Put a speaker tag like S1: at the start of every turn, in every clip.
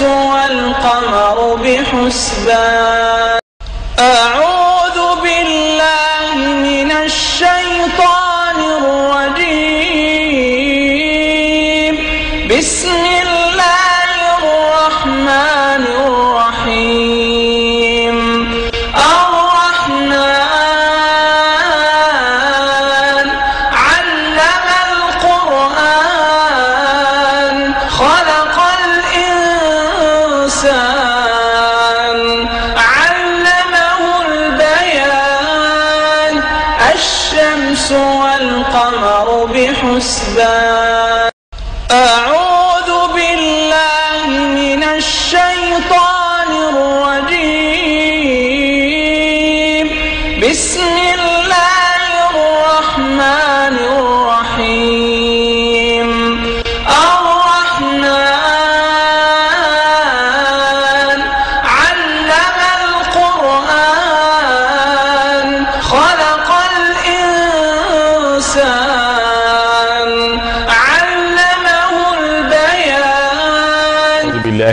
S1: والشمس والقمر بحسبان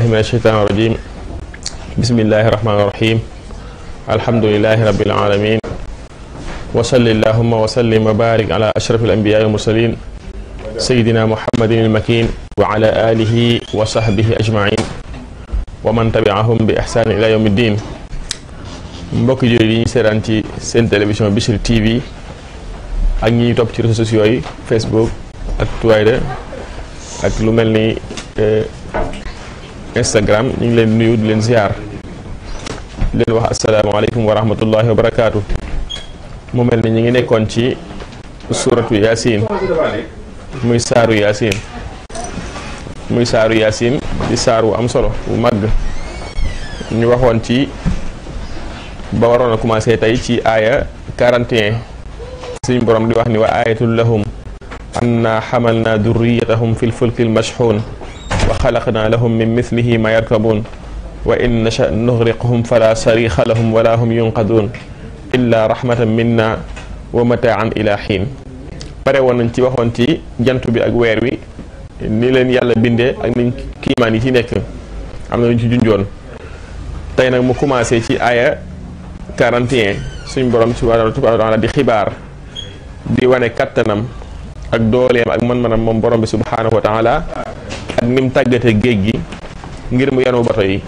S2: من الشيطان الرجيم بسم الله الرحمن الرحيم الحمد لله رب العالمين وصل اللهم وسلم وبارك على أشرف الأنبياء والمرسلين سيدنا محمد المكين وعلى آله وصحبه أجمعين ومن تبعهم بإحسان إلى يوم الدين mbokk jullit سيرانتي سين seetaan ci تي في Bichri TV ak ñi topp ci réseaux sociaux yi Facebook Instagram ñu ngi leen nuyu di leen ziar di leen wax asalaamaaleykum wa rahmatullahi wa barakaatu. mu mel ni ñu ngi nekkoon ci suratu yasin muy saaru yasin muy saaru yasin di saaru am solo bu mag ñu waxoon ci ba waroon a commencé tey ci aaya 41 suñu borom di wax ni wa aayatul lahum anna xamal naa durriyatahum fil fulkil Mashhun. wa xalaqnaa lahum min mislihi ma yarkabuun wa in nasha nuxriqhum fala sariixa lahum wala hum yunqaduun illa rahmatan minna wa mataan ila xiin pare woon nañ ci waxoon ci jant bi ak weer wi ni leen yàlla bindee ak niñ kiimaan yi ci nekk am na lu ñu junjoon tey nag mu commencé ci aaya 41 suñ borom subhaanahu wa taala di xibaar di wane kattanam ak dooleem ak man-manam moom borom bi subhaanahu wa ak ni tàggate géej gi ngir mu yenu bato yi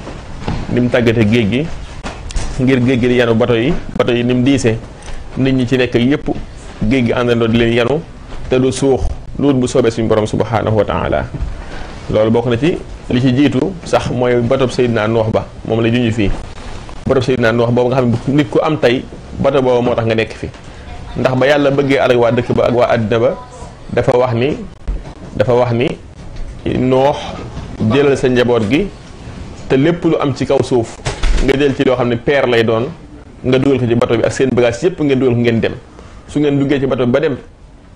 S2: ni mu tàggate géej gi ngir géej gi di yenu bato yi bato yi ni mu diisee nit ñi ci nekk yépp géej gi àndandoo di leen yenu te du suux luut bu soobee suñ borom subhaanahu wa taala loolu bokk na ci li ci jiitu sax mooy bato batob Seydina Nuux ba moom la juñu fii batob Seydina Nuux boobu nga xam ne nit ku am tey bato boobu moo tax nga nekk fi ndax ba yàlla bëggee alak waa dëkk ba ak waa àddina ba dafa wax ni dafa wax ni noox jëlal sa njaboot gi te lepp lu am ci kaw suuf nga jël ci lo xamne père lay doon nga duggal ko ci bato bi ak seen bagage yépp ngeen duggal ko ngeen dem su ngeen duggé ci bato ba dem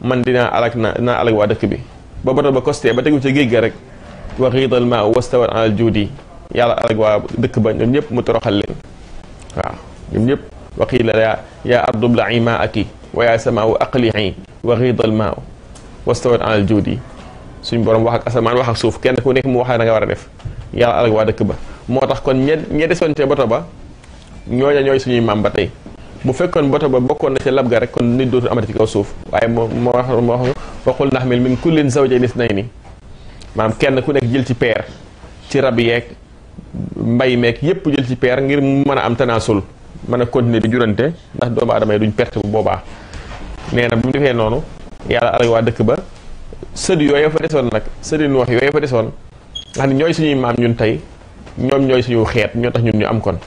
S2: man dina alak na na alak wa dëkk bi ba bato ba costé ba tegu ci géej ga rek wa xiital ma wastawa al judi yalla alak wa dëkk ba ñom ñëpp mu toroxal leen wa ñom ñëpp wa qiila ya ya ardu bla'i wa ya sama'u aqli'i wa xiital ma wastawa al judi suñ borom wax ak asamaan wax ak suuf kenn ku nekk mu wax la nga war a def yàlla alag waa dëkk ba moo tax kon ñe ñe desoon ca bato ba ñooña ñooy suñuy maam ba tey bu fekkoon boto ba bokkoon na ca lab ga rek kon nit dootul amati ci kaw suuf waaye moo moo wax moo wax waxul naxmil min kullin zawjayni isnayni maanaam kenn ku nekk jël ci peer ci rab yeeg mbay meeg yépp jël ci peer ngir mu mën a am tanaasul mën a continuer di jurante ndax doomu adama yi duñ perte bu boobaa nee na bu mu noonu yàlla waa dëkk ba sët yooyu fa desoon nag sëti Nuux yooyu fa desoon nga xam ne ñooy suñuy maam ñun tey ñoom ñooy suñu xeet ñoo tax ñun ñu am kon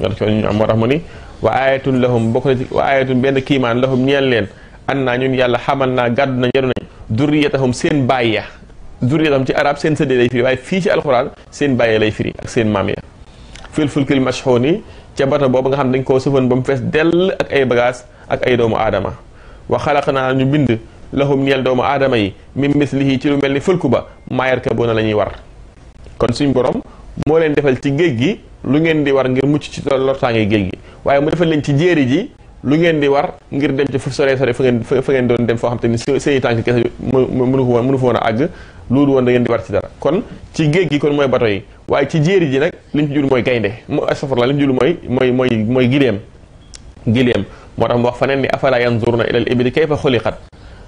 S2: ñoo tax ñun ñu am moo tax mu ni wa ayatun lahum bokk na ci wa benn kiimaan lahum ñeel leen an naa ñun yàlla xamal naa gàddu na yaru nañ durriyatahum seen bàyyi ya durriyatahum ci arab seen sëdee lay fii waaye fii ci alxuraan seen bàyyi lay firi ak seen maam ya fil fulkil mashxuuni ca bato boobu nga xam dañ koo sëfoon ba mu fees dell ak ay bagage ak ay doomu aadama wa xalaq naa ñu bind lahum ñeel doomu aadama yi mim mislihi ci lu mel ni fëlku ba maayarkabuuna la ñuy war kon suñ borom moo leen defal ci géej gi lu ngeen di war ngir mucc ci lortaange géej gi waaye mu defal leen ci jéeri ji lu ngeen di war ngir dem ci fu sore sore fa ngeen doon dem foo xam te ni seeni tànk kese mënu ko woon mënu fa woon àgg loolu woon da di war ci dara kon ci géej gi kon mooy bato yi waaye ci jéeri ji nag li mu ci jul mooy gaynde mu astafurla li mu jul mooy mooy mooy mooy gileem gileem moo tax mu wax faneen ni afala yanzuruna ilal ibili kayfa xuliqat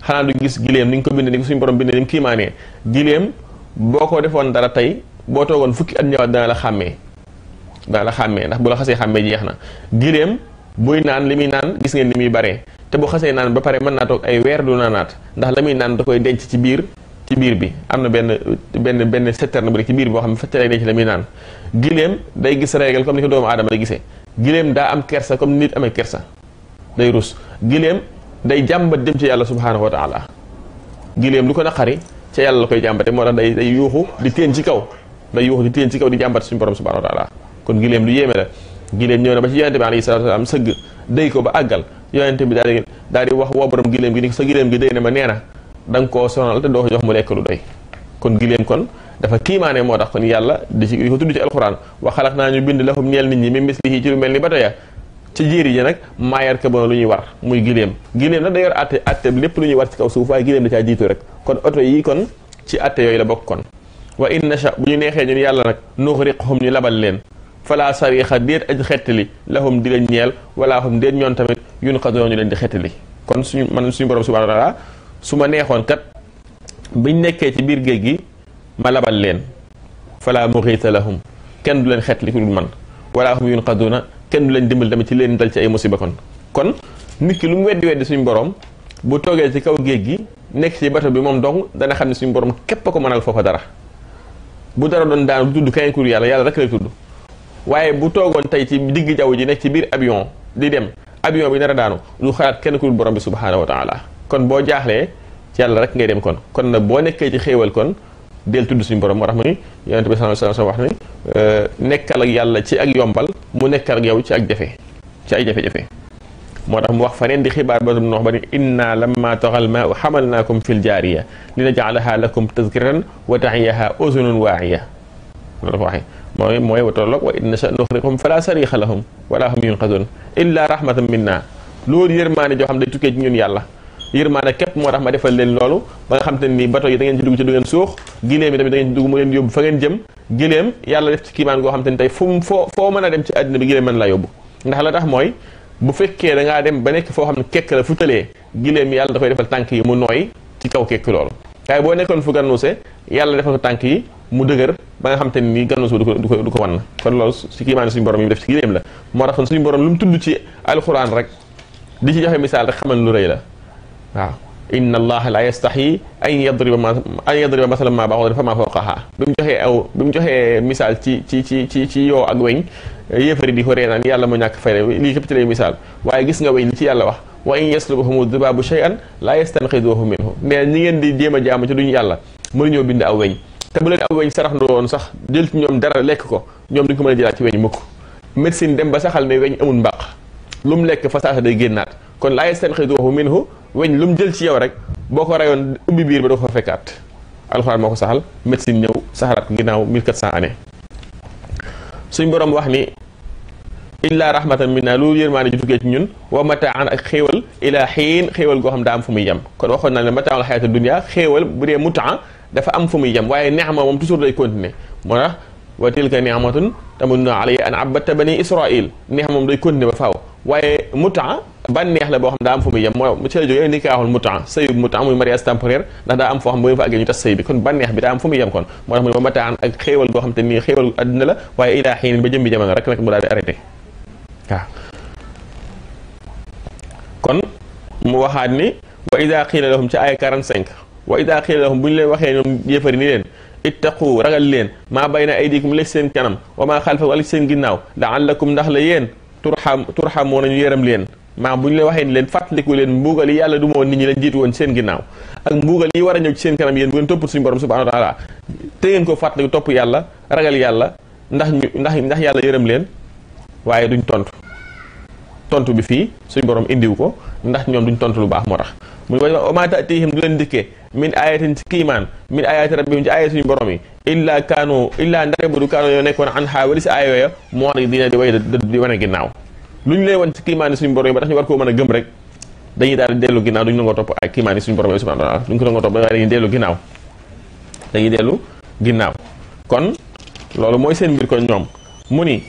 S2: xanaa du gis gileem ni nga ko bind ni ko suñu borom bind ni mu kiimaanee gileem boo ko defoon dara tey boo toogoon fukki at ñëwaat dana la xàmmee dana la xàmmee ndax bu la xasee xàmmee jeex na gileem buy naan li muy naan gis ngeen ni muy te bu xasee naan ba pare mën naa toog ay weer du naanaat ndax la muy naan da koy denc ci biir ci biir bi am na benn benn benn citerne bu nekk ci biir boo xam ne fecc lay denc la muy naan gileem day gis régal comme ni ko doomu aadama day gisee gileem daa am kersa comme nit amee kersa day rus gileem day jam dem ci yalla subhanahu wa taala gilem lu ko nakari ci yalla la koy jàmbate mo tax day day yuhu di téen ci kaw day yuhu di téen ci kaw di jàmbat suñu borom subhanahu wa taala kon Gilem lu yéeme la gilem ñëw na ba ci yonente bi alayhi salatu wasalaam day ko ba agal, yonente bi daal di di wax wo borom gilem gi ni sa gilem gi day ne ma neena na ko sonal te do jox mu lek lu doy kon Gilem kon dafa kiimaane mo tax kon yalla di ci ko tuddu ci alquran wa khalaqna naa ñu bind lahum ñeel nit ñi mi mislihi ci lu melni ci jéeri yi nag maayaar ka bona lu ñuy war muy giléem giléem nag da yor atte atte lépp lu ñuy war ci kaw suuf waaye giléem da caa jiitu rek kon oto yi kon ci atte yooyu la bokk kon wa in nacha bu ñu neexee ñun yàlla nag nuxriqhum ñu labal leen fala sariixa déet aj xettali lahum di leen ñeel walaa hum déet ñoon tamit yun xadoon ñu leen di xettali kon suñu man suñu borom subhanahu wa taala su ma neexoon kat biñ nekkee ci biir géej gi ma labal leen fala muxiita lahum kenn du leen xettali ku kenn du leen dimbali tamit ci leen dal ci ay musiba kon kon nit ki lu mu weddi weddi suñu borom bu toogee ci kaw géej gi nekk ci bato bi moom dong dana xam ne suñu borom képp ko mënal foofa dara bu dara doon daanu du tudd keneen ku yàlla yàlla rek lay tudd waaye bu toogoon tey ci digg jaww ji nekk ci biir avion di dem avion bi nar a daanu du xalaat kenn ku dul borom bi subhaanahu wa taala kon boo jaaxlee ci yàlla rek ngay dem kon kon nag boo nekkee ci xéewal kon del tuddu suñu borom moo tax ni yonent bi sallallahu alayhi wasallam wax ni nekkal ak yàlla ci ak yombal mu nekkal ak yow ci ak jafe ci ay jafe-jafe motax mu wax faneen di ba dum noox ba ni inna lamma taghal ma hamalnakum fil jariya linaj'alaha lakum tazkiratan wa taxiyaha uzunun wa'iya loolu waxe moy moy mooy wa tolloog wa inna sanukhrikum fala sarikh lahum wala hum yunqadun illa rahmatan minna loolu yërmaane jo xam day tukke ci ñun yàlla yërmaane képp moo tax ma defal leen loolu ba nga xam te ni bato yi da ngeen ci dugg ci du ngeen suux giléem yi tamit da ngeen ci dugg mu leen yóbbu fa ngeen jëm giléem yàlla def ci kiimaan goo xam te ni tey fu mu foo foo mën a dem ci àddina bi giléem mën la yóbbu ndax la tax mooy bu fekkee da ngaa dem ba nekk foo xam ne kekk la fu tëlee giléem yàlla da koy defal tànk yi mu nooy ci kaw kekk loolu waaye boo nekkoon fu gannuuse yàlla defal ko tànk yi mu dëgër ba nga xam te ni gannuuse du ko du ko du ko wan kon loolu si kiimaan suñu borom yi def ci giléem la moo tax suñu borom lu mu tudd ci alxuraan rek di ci joxe misaal rek xamal lu rëy la waaw inna allaha la yastahi yi yadriba ma an yadriba masalan ma baxoodan fa ma fooqaha bi mu joxee aw bi mu joxee misaal ci ci ci ci ci yoo ak weñ yéefari di ko ree naan yàlla mu ñàkk fayre lii képp ci lay misaal waaye gis nga weñ li ci yàlla wax wa in yaslubhumu dubaabu shay'an la yastanqiduhu minhu mais ñi ngeen di jéem a jaamu ci duñu yàlla mënuñoo bind aw weñ bu leen aw weñ sarax ndu woon sax jël ci ñoom dara lekk ko ñoom duñ ko mën a jëlaat ci weñ mukk médecine dem ba saxal ne weñ amul mbaq lu mu lekk fa saasa day génnaat kon la yastanqiduhu minhu weñ lum mu jël ci yow rek boko rayon rayoon bir ba do fa fekkaat alquran moo ko saxal médecine ñëw saharat ginaaw 1400 ane suñ borom wax ni illa rahmatan minna lu yërmaane ji duggé ci ñun wa mataan ak xewal ila hin xewal go xam da am fu muy yam kon waxoon naa ne mataanul hayatud dunya xewal bu dee mutaa dafa am fu muy yam waye neexma mom toujours day continuer mo tax wa tilka neexmatun tamunna alayya an abadta bani israil neex mom day continuer ba faaw waye mutaa bànneex la boo xam daa am fu muy yem mooy ci la jógee nikaaxul mutaa sëyub mutaa muy mariage temporaire ndax daa am foo xam bu ñu fa àggee ñu tas sëy bi kon bànneex bi daa am fu muy yem kon moo tax mu ne ak xéewal goo xam te nii xéewal la waaye ilaa xiin ba jëm bi jamono rek nag mu daal di arrêté waaw kon mu waxaat ni wa ida xiila lahum ci ay 45 wa ida xiila lahum bu leen waxee ñoom yéefari ni leen ittaqu ragal leen maa bayna aydikum lekk seen kanam wa maa xalfakum ak seen ginnaaw laallakum ndax la yéen turxam turxamoo nañu yéram leen Ma bu ñu leen ni leen fàttaliku leen mbugal yi yàlla du mo nit ñi leen jiitu won seen ginnaw ak mbugal yi wara ñew ci seen kanam yeen bu ngeen topp suñu borom subhanahu wa taala te ngeen ko fatlik topp yalla ragal yalla ndax ndax ndax yalla yërëm leen waye duñ tontu tontu bi fi suñu borom ko ndax ñom duñ tontu lu baax mo tax mu wa ma ta'tihim du leen dikke min ayatin kiman min ayati rabbihim ci aaya suñu borom illa kanu illa ndare bu du kanu yo nekkon an xaa wali si mo ni dina di way di ginnaw lu ñu lay wan ci kiimaani suñu borom ba tax ñu war koo mën a gëm rek dañuy daal di dellu ginnaaw duñu nangoo topp ay kiimaani suñu borom subhanahu wa taala duñu ko nangoo topp waaye dañuy dellu ginnaaw dañuy loolu mooy seen ko ñoom mu ni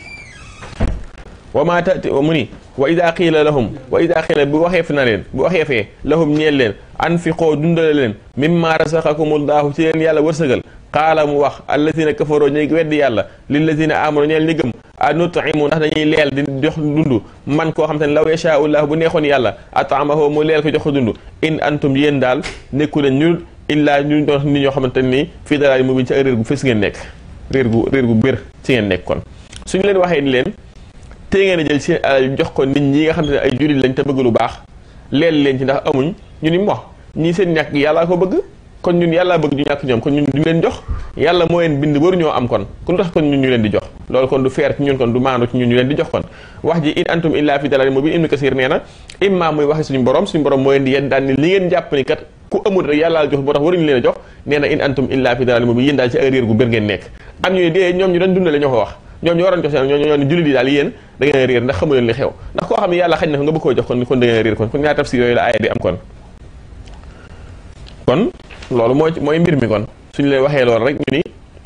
S2: wa maa tati mu ni wa ida wa ida bu waxee fi leen bu waxeefee lahum ñeel leen anfiqoo dundale leen mimma rasaqakumullaahu ci leen yàlla wërsëgal qaala mu wax allazina kafaroo ñi weddi yàlla lillazina amanu ñeel ñi gëm anut'imu ndax dañuy leel di jox dund man koo xam te ne law yashaa'u llaahu bu neexoon yàlla at'amahu mu leel ko jox ko dund in antum yéen daal nekku leen ñu illaa ñu doon nit ñoo xamante nii fii dalal mu bi ci réer gu fës ngeen nekk réer gu réer gu bér ci ngeen nekk kon suñu leen waxee ni leen te ngeen a jël seen alal jox ko nit ñi nga xam ne ay jullit lañ te bëgg lu baax leel leen ci ndax amuñ ñu ni mo ñi seen ñàkk yàllaa ko bëgg kon ñun yàlla bëgg ñu ñàkk ñoom kon ñun du ñu leen di jox kon leen di jox kon wax ji in antum illa fi dalal mubin ibnu kasir nee na imma muy waxe a jox ne dee ñoom ñu doon dundale ñoo ko wax ñoom ñu waroon jox seen ñoo ne jullit yi daal yéen da réer ndax xamu li xew ndax koo xam ne yàlla xañ na ko nga bëgg koo jox kon kon da réer kon kon ñaar tafsir yooyu la aaya bi am kon kon loolu moo mooy mbir mi kon suñu lay waxee loolu rek ñu ni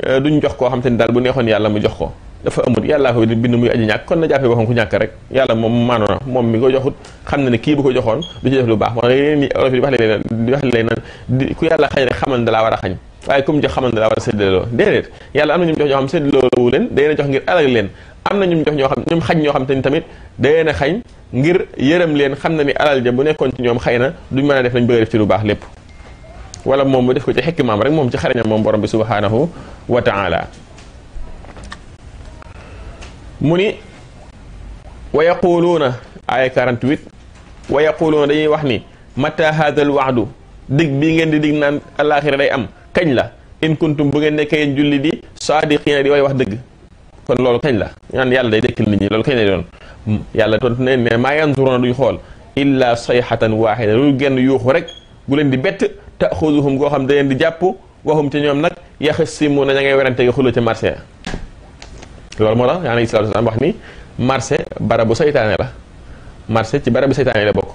S2: euh, duñ jox koo xam te ni daal bu neexoon yàlla mu jox ko dafa amut yàllaa ko bind muy aji ñàkk kon na jàppee waxoon ku rek yàlla moom maanoona moom mi ko joxut xam na ne kii bu ko joxoon du ci lu baax moo yeneen ni olof yi di wax leen di wax leen xañ a waaye comme jox xamal dalaa a séddaloo déedéet yàlla am na jox ñoo xam jox ngir alal leen am na ñum jox ñoo xam ñum xañ ñoo xam te ni tamit day na ngir yërëm leen xam na ni alal bu nekkoon ci ñoom xëy na duñ mën a def lañ bëgg a def ci lu baax lépp wala moom mu def ko ci xikmaam rek moom ci xarañam moom borom bi subhaanahu wa taala mu ni wa yaquluuna aaya 48 wa yaquluuna dañuy wax ni mata haada al waadu dig bii ngeen di dig naan alaxira day am kañ la in kuntum bu ngeen nekkee julli di saadiqiina di way wax dëgg kon loolu kañ la naan yàlla day dekkal nit ñi loolu kañ lay doon yàlla tontu ne ne maa yanzuruna duñ xool illa sayhatan waxida lu genn yuuxu rek bu len di bet taxuduhum go xam da len di japp waxum ca nak ya yaxsimuna ña ngay werante nga xuloo ca marché loolu moo tax yaana islaatu salaam wax ni marché barabu saytaane la marché ci barabu saytaane la bok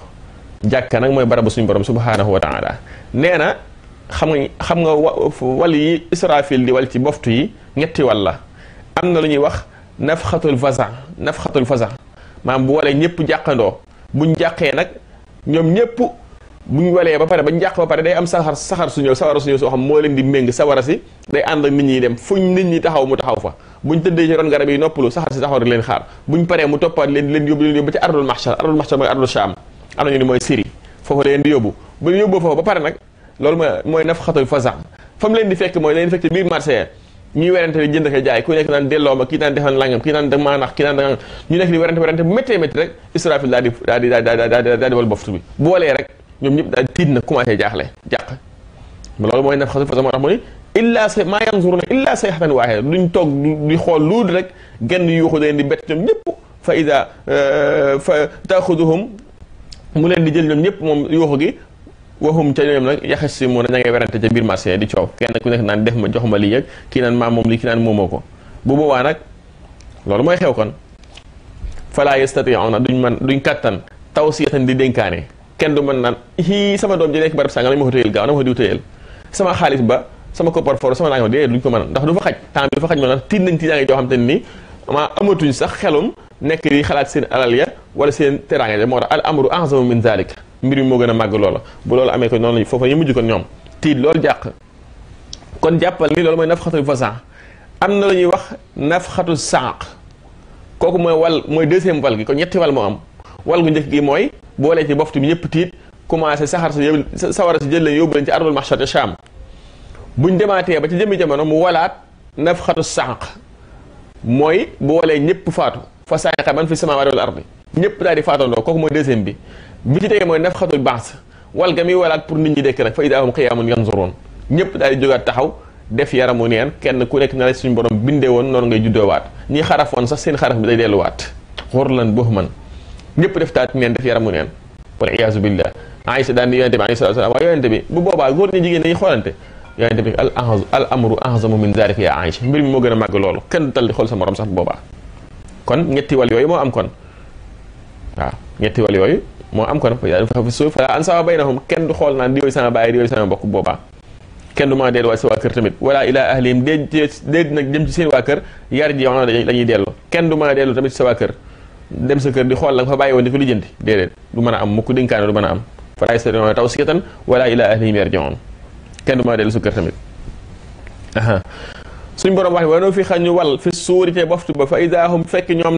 S2: jakk nak moy barabu suñu borom subhanahu wa taala neena xam nga xam nga wali israfil di wal ci boftu yi ñetti wala amna lu ñuy wax nafkhatul faza nafkhatul faza maam bu wala ñepp jàqandoo buñ jàqee nak ñom ñepp bu ñu walee ba pare ba ñu jàq ba pare day am saxar saxar su ñëw sawara su ñëw soo xam moo leen di méng sawara si day ànd nit ñi dem fuñ nit ñi taxaw mu taxaw fa buñ tëddee ci ron garab yi noppalu saxar si taxaw di leen xaar buñ paree mu toppaat leen leen yóbbu leen yóbbu ci ardul mahshar ardul mahshar mooy ardul sham am nañu ni mooy Syrie foofu leen di yóbbu bu leen yóbboo foofu ba pare nag loolu mooy mooy nafxatul fasam fa mu leen di fekk mooy leen fekk biir marché ñuy werante di jënd ak jaay ku nekk ñoom ñëpp daal tiit na commencé jaaxle jàq loolu mooy naf xasu fasa moo tax mu ne illaa say maa yanzuruna illaa sayhatan waaxida duñ toog di xool luul rek genn yuuxu da leen di bett ñoom ñëpp ida fa euh, taaxuduhum mu leen di jël ñoom ñëpp moom yuuxu gi waxum ca ñoom nag yaxas si mu ne ña ngay werante ca biir marché di coow kenn ku nekk naan def ma jox ma lii ak kii naan maam moom lii kii naan moomoo ko bu boobaa nag loolu mooy xew kon falaa yastatiuuna duñ man duñ kattan tawsiyatan di dénkaane kenn du mën naan hi sama doom ji nekk barab sàngam lañ ma ko téyel gaaw na ma ko diw téyel sama xaalis ba sama koppar for sama nangam déedéet duñ ko mën ndax du fa xaj temps bi du fa xaj mën ndax tiit nañ tiitaange joo xam te nii ma amatuñ sax xelum nekk di xalaat seen alal ya wala seen teraanga ja moo tax al amru ahzamu min zalik moo gën a màgg loola bu loolu amee ko noonu lañ foofa yi mujj ko ñoom tiit loolu jàq kon jàppal ni loolu mooy nafxatu fasan am na lu ñuy wax nafxatu sànq kooku mooy wal mooy deuxième wal gi kon ñetti wal moo am wal gu njëkk gi mooy boolee ci boftu bi ñëpp tiit commencé saxar sa yóbbu sawara si jël leen yóbbu leen ci ardul mahshar ca Sham buñ demaatee ba ci jëmmi jamono mu walaat nafxatu sànq mooy boolee ñëpp faatu fa saaqa man fi samaawaati wal ardi ñëpp daal di faatandoo kooku mooy deuxième bi bi ci tege mooy nafxatul baas wal ga muy walaat pour nit ñi dekk rek fa idaa hum qiyaamun yanzuruun ñëpp daal di jógaat taxaw def yaramu neen kenn ku nekk na la suñu borom bindee woon noonu ngay juddoowaat ñi xarafoon sax seen xaraf bi day delluwaat xorlan buhman ñëpp def taat neen def yaramu neen wal iyaazu billah aisha daan ni yonente bi alayhi wa sallam waaye yonente bi bu boba góor ñi jigéen dañuy xoolante yonente bi al ahz al amru ahzamu min zalika ya aisha mbir mi mo gëna mag lool kenn dal di xol sa morom sax boba kon ñetti wal yoy mo am kon wa ñetti wal yoy mo am kon fa fa suuf fa ansa baynahum kenn du xol naan di yoy sama baye di yoy sama mbokk boba kenn du maa delluwaat sa waa kër tamit wala ila ahlim deej deej nak dem ci seen wa kër yar ji wax na dañuy delu kenn du ma delu tamit sa waa kër dem sa kër di xool la nga fa bàyyi woon di ko lijjanti déedéet du mën a am mukk dénkaane du mën a am fa laa yastati'uuna tawsiyatan wala ilaa ahlihim yarji'uun kenn du mën dellu sa kër tamit aha suñ borom wax ne wanoo fi xañ ñu wal fi suuri te boftu ba fa idaa hum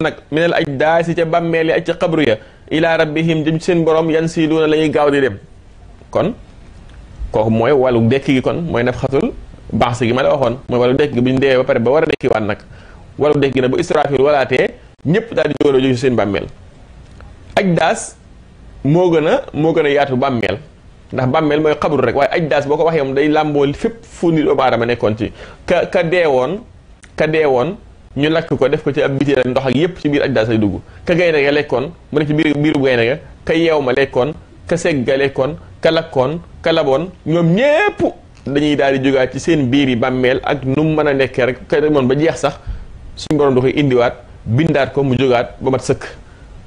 S2: nag minal ajdaasi ca bàmmeel ya ca xabru ya ilaa rabbihim jëm seen borom yan siiluuna la ñuy gaaw di dem kon kooku mooy wàllu dekk gi kon mooy naf xatul baax gi ma la waxoon mooy wàllu dekk gi bu ñu dee ba pare ba war a dekki waat nag wàllu dekk gi nag bu israfil walaatee ñëpp daal di seen bàmmeel aj daas moo gën a moo gën yaatu bàmmeel ndax bàmmeel mooy xabru rek waaye aj daas boo ko waxee moom day làmboo fépp fu nit doomu nekkoon ci ka ka ka deewoon ñu lakk ko def ko ci ab bitéel ndox ak yépp ci biir aj daas lay dugg ka gaynde ga lekkoon mu ne ci biir biiru gaynde ka yeew ma lekkoon ka segg ga lekkoon ka ñoom ñépp dañuy daal di jógaat ci seen biir yi bàmmeel ak nu mu mën a nekkee rek ka demoon ba jeex sax suñu borom da koy indiwaat bindaat ko mu jógaat ba mat sëkk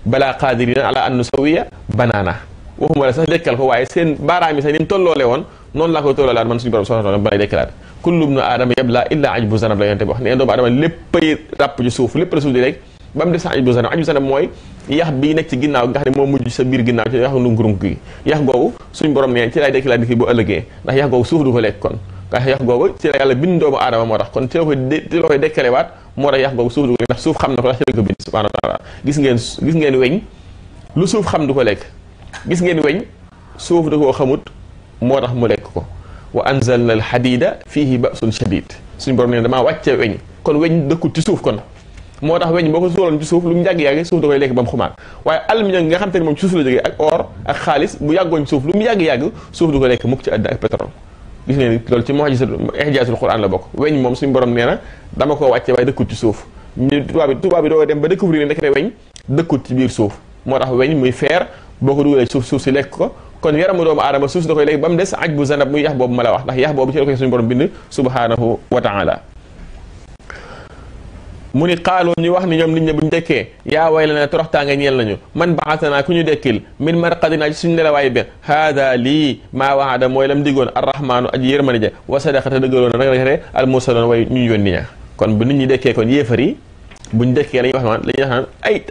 S2: balaa qaadirina ala an nusawiya banaana waxuma la sax dekkal ko waaye seen baaraam yi sax ni mu tolloole woon noonu laa koy tolloolaat man suñu borom subhanahu wa taala balay dekkalaat kullu ibnu aadama yabla illa ajbu zanab la yonte bi wax ne doomu aadama léppay ràpp ci suuf lépp suuf di rek ba mu def sax ajbu zanab ajbu zanab mooy yax bi nekk ci ginnaaw nga xam ne moo mujj sa biir ginnaaw ci yaxu ndunkurunk gi yax googu suñu borom ne ci lay dekkalaat nit ki bu ëllëgee ndax yax googu ci la yàlla bind doomu aadama moo tax gis ngeen gis ngeen weñ lu suuf xam du ko lekk gis ngeen weñ suuf da koo xamut moo tax mu lekk ko wa anzalna al hadida fihi ba'sun shadid suñu borom ne damaa wàcce weñ kon weñ dëkkut ci suuf kon moo tax weñ boo ko suuloon ci suuf lu mu yàgg-yàgg suuf da koy lekk ba mu xam te ne moom ci suuf la jógee ak or ak yàgg-yàgg suuf du ko lekk mukk ci àddina ak pétrole gis ngeen loolu ci mu'jizatul i'jazul Qur'an la bokk weñ moom suñu borom nee dama koo wàcce waaye dëkkut ci suuf ñu tubaab bi tubaab bi doo dem ba dëkkut ci biir suuf moo tax weñ muy feer boo ko dugalee suuf suuf si lekk ko kon yaramu doomu aadama suuf si da lekk ba mu des aj bu zanab muy yax boobu ma la wax ndax yax boobu ci la ko suñu borom bind subhanahu wa ta'ala mu ni xaaloo ñu wax ni ñoom nit ñi bu ñu dekkee yaa way la na toroxtaange ñeel nañu man baxatanaa ku ñu dekkil min marqadinaa ci suñu nelawaay bi mooy lam diggoon arrahmaanu aji yërmani ja wa sadaqata dëggaloon rek rek al ñu yónni ña kon bu nit ñi dekkee kon yéefar yi buñ dekkee lañuy wax naan lañuy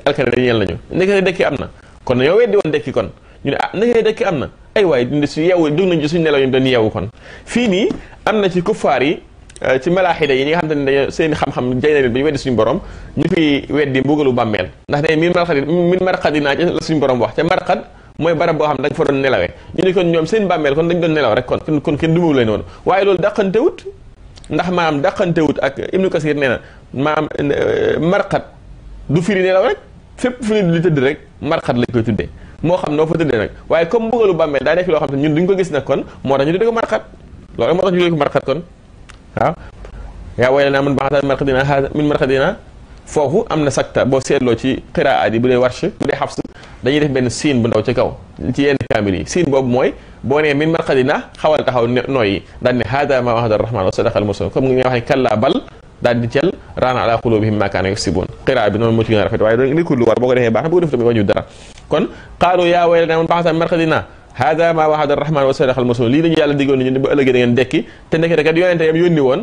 S2: wax am na kon ñoo weddi woon dekki kon ñu ne ah ndekete dekki am na ay waay dund su yeewu dug nañ ci suñu nelaw yi doon yeewu kon fii nii am na ci kuffaar yi Euh, ci malaaxida yi ñi nga xam ne dañoo seen xam-xam jay na leen ba ñu weddi suñu borom ñu fi weddi mbugalu bàmmeel ndax ne min marxad min marxad yi naa la suñu borom wax ca marxad mooy barab boo xam dañ fa doon nelawee ne kon ñoom seen bàmmeel kon dañ doon nelaw rek kon kon kenn dumawu leen woon waaye loolu dàqantewut ndax maanaam dàqantewut ak ibnu kasir nee na maanaam euh, marxad du firi nelaw rek fépp fu ñu li tëdd rek marxad lañ koy tuddee moo xam noo fa tëddee nag waaye comme mbugalu bàmmeel daa nekk loo xam te ñun duñ ko gis nag kon moo tax ñu tuddee ko marxad loolu moo tax ñu tuddee ko marxad kon waaw yaa waylanaa man baxatan marqadina haada min marqadina foofu am na sakta boo seetloo ci xiraat yi bu dee warsh bu dee xafs dañuy def benn siin bu ndaw ci kaw ci yenn kaamil yi siin boobu mooy boo nee min marqadina xawal taxaw nooyi daan ne haada ma wa'ada rahmaan wa sadaqa al mursalun comme nga waxee kalla bal daal di jël raana ala xulubihim ma kaanu yaksibuun xiraat bi noonu moo ci gën a rafet waaye nekkul lu war boo ko defee baax na boo ko def tamit wàññiwul dara kon qaalu yaa waylanaa man baxatan marqadina hada ma wahada rahman wa sadaqa al-mursalun lii la ñu yàlla digoon nañu ba ëllëgee da ngeen dekk te nekkete kat yonente yam yoni won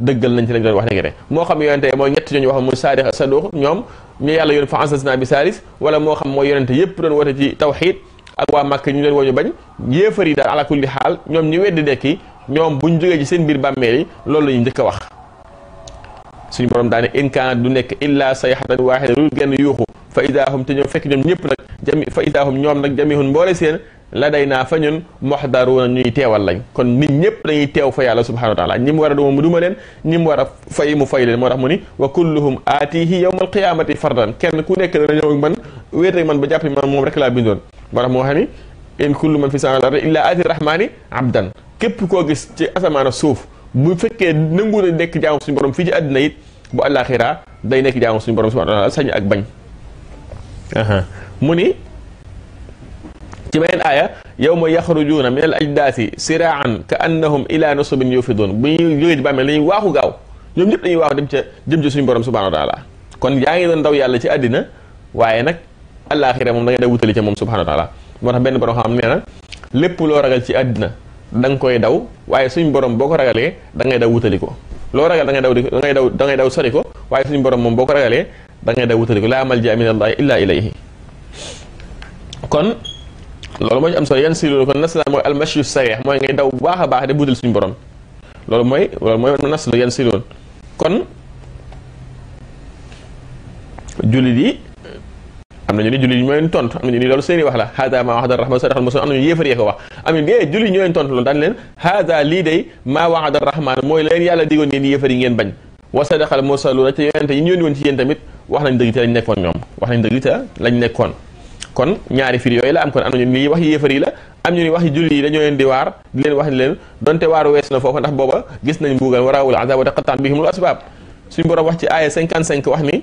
S2: deggal nañ ci lañ doon wax rek mo xam yonente mooy ñett ñu wax mu sadiq saduq ñom ñu yalla yoon fa ansasna bi salis wala mo xam doon wote ci tawhid ak wa makk ñu leen woñu bañ yeefari dal ala kulli hal ñom ñi wedd dekk ñom buñ jógee ci seen bir bàmmeel loolu lañu ñu wax suñu borom daane in du nek illa sayhatan waahida gen yuhu. fa idahum te ñoom fekk ñoom ñëpp jami fa idahum jamihun mboole seen la day naa fa ñun muhdaruuna ñuy teewal lañ kon nit ñëpp dañuy teew fa yàlla subhanahu wa taala ñi mu war a duma mu duma leen ñi mu war a fay mu fay leen moo tax mu ni wa kulluhum aatihi yawma alqiyamati fardan kenn ku nekk dana ñëw man wéet ak man ba jàpp man moom rek laa bindoon moo tax moo xam ni in kullu man fi sama ardi illa aati rahmani abdan képp koo gis ci asamaana suuf bu fekkee nangu na nekk jaamu suñu borom fii ci àddina it bu àllaaxira day nekk jaamu suñu borom subhanahu wa taala sañ ak bañ ci beneen aaya yawma yaxrujuuna min al ajdaasi siraan ka annahum ila nusubin yufidoon bu ñuy jógee ci bàmmeel dañuy waaxu gaaw ñoom ñëpp dañuy waaxu dem ca jëm ci suñu borom subhanahu wa taala kon yaa ngi doon daw yàlla ci àddina waaye nag àllaaxira moom da ngay wutali ca moom subhanahu wa taala moo tax benn borom xam nee na lépp loo ragal ci àddina da koy daw waaye suñu borom boo ko ragalee da ngay daw wutali ko loo ragal da ngay daw di ngay daw da ngay daw sori ko waaye suñ borom moom boo ko ragalee da ngay daw wutali ko laa malja min allahi illa ilayhi loolu moo ñu am solo yan si loolu kon nas la mooy almashiyu sarih mooy ngay daw bu baax a baax de budal suñu borom loolu mooy loolu mooy nas la si loolu kon jullit yi am nañu ni jullit yi loolu seeni wax la hada maa waxada rahman sadaqal muslim am nañu yéefar yee ko wax am nañu dee eh, jullit ñoo leen tontu loolu daan leen hada lii day maa yàlla digoon ngeen yéefar yi ngeen bañ wa sadaqal mursaluun te yonente yi ñu yónni woon ci yéen tamit wax nañ dëgg te lañ nekkoon ñoom wax nañ dëgg te lañ nekkoon kon ñaari firi yooyu la am kon am nañu lii wax yéefar yi la am ñu ni wax julli yi dañoo leen di waar di leen wax ni leen donte waaru wees na foofa ndax booba gis nañ mbugal waraawul azab wa taqattaan bihimul asbaab suñu borom wax ci aaya 55 wax ni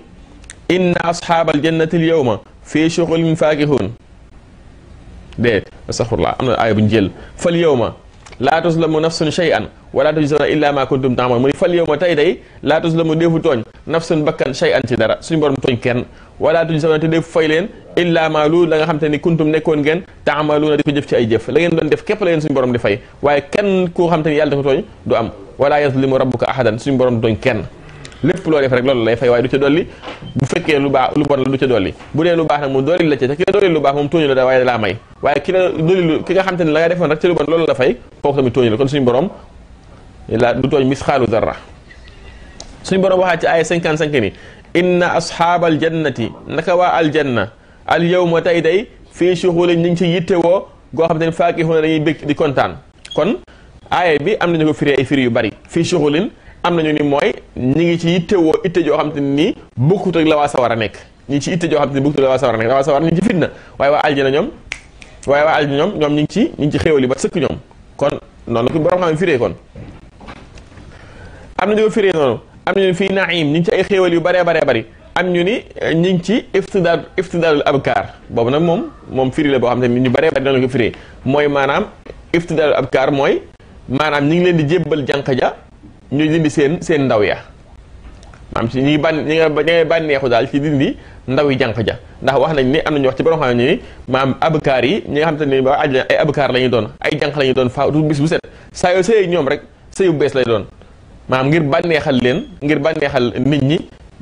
S2: inna ashaabal jannati al yawma fii shughulin faakihun déet astaghfirullah am na aaya bu ñu jël fal yawma laa tuzlamu nafsun ma kuntum ta'malun mu ni fal yawma tey day laa tuzlamu deefu tooñ nafsun bakkan shay'an ci dara suñu borom tooñ kenn wala tujzawna te deefu fay leen illa ma lu la nga xam te ni kuntum nekkoon ngeen taamaluuna di ko jëf ci ay jëf la ngeen doon def képp la ngeen suñu borom di fay waaye kenn koo xam te ni yàlla tooñ du am wala yazlimu rabbuka du tooñ kenn lépp loo def rek loolu lay fay waaye du ca dolli bu fekkee lu baax lu bon la du ca dolli bu dee lu baax nag moom ki la dolli lu baax moom tooñu la da waaye laa may waaye ki la dolli ki nga xam te ni la nga defoon rek ci lu bon loolu la fay kooku tamit tooñu la kon suñu borom la du tooñ misxaalu zarra suñu borom waxaat ci aaya 55 ni inna ashaabal jannati naka waa aljanna al yawma tey tey fii shughulin ñu ngi ci yitte woo goo xam te ne faakihuna dañuy bég di kontaan kon aaye bi am nañu ko firi ay firi yu bari fii shughulin am nañu ni mooy ñi ngi ci yitte woo itte joo xam te ne nii bokkut ak la waa sawar a nekk ñi ngi ci itte joo ne bokkut ak la waa sawar a nekk la waa sawar ñu ngi ci fitna waaye ñoom waaye waa aljana ñoom ñoom ñi ngi ci ñi ngi ci xéwal yi ba sëkk ñoom kon noonu la ko borom xam ne firee kon am nañu ko firee noonu am nañu fii naim ñi ngi ci ay xéewal yu bare baree bari am ñu ni eh, ñu ngi ci iftidaar iftidaarul abkaar boobu nag moom moom firi la boo xam ne ñu bare bare dañu mooy maanaam iftidaarul abkaar mooy maanaam ñu ngi leen di jébbal jànq ja ñu dindi seen seen ndaw ya maanaam ci ñi ban ñi nga ngay bànneexu daal ci dindi ndaw yi jànq ja ndax wax nañ ni am nañu wax ci borom xam ne ni yi ñi nga ne ba àjjana ay la ñuy doon ay jànq la doon faaw bis bu set saa ñoom rek sëyu bees lay doon maanaam ngir bànneexal leen ngir bànneexal nit ñi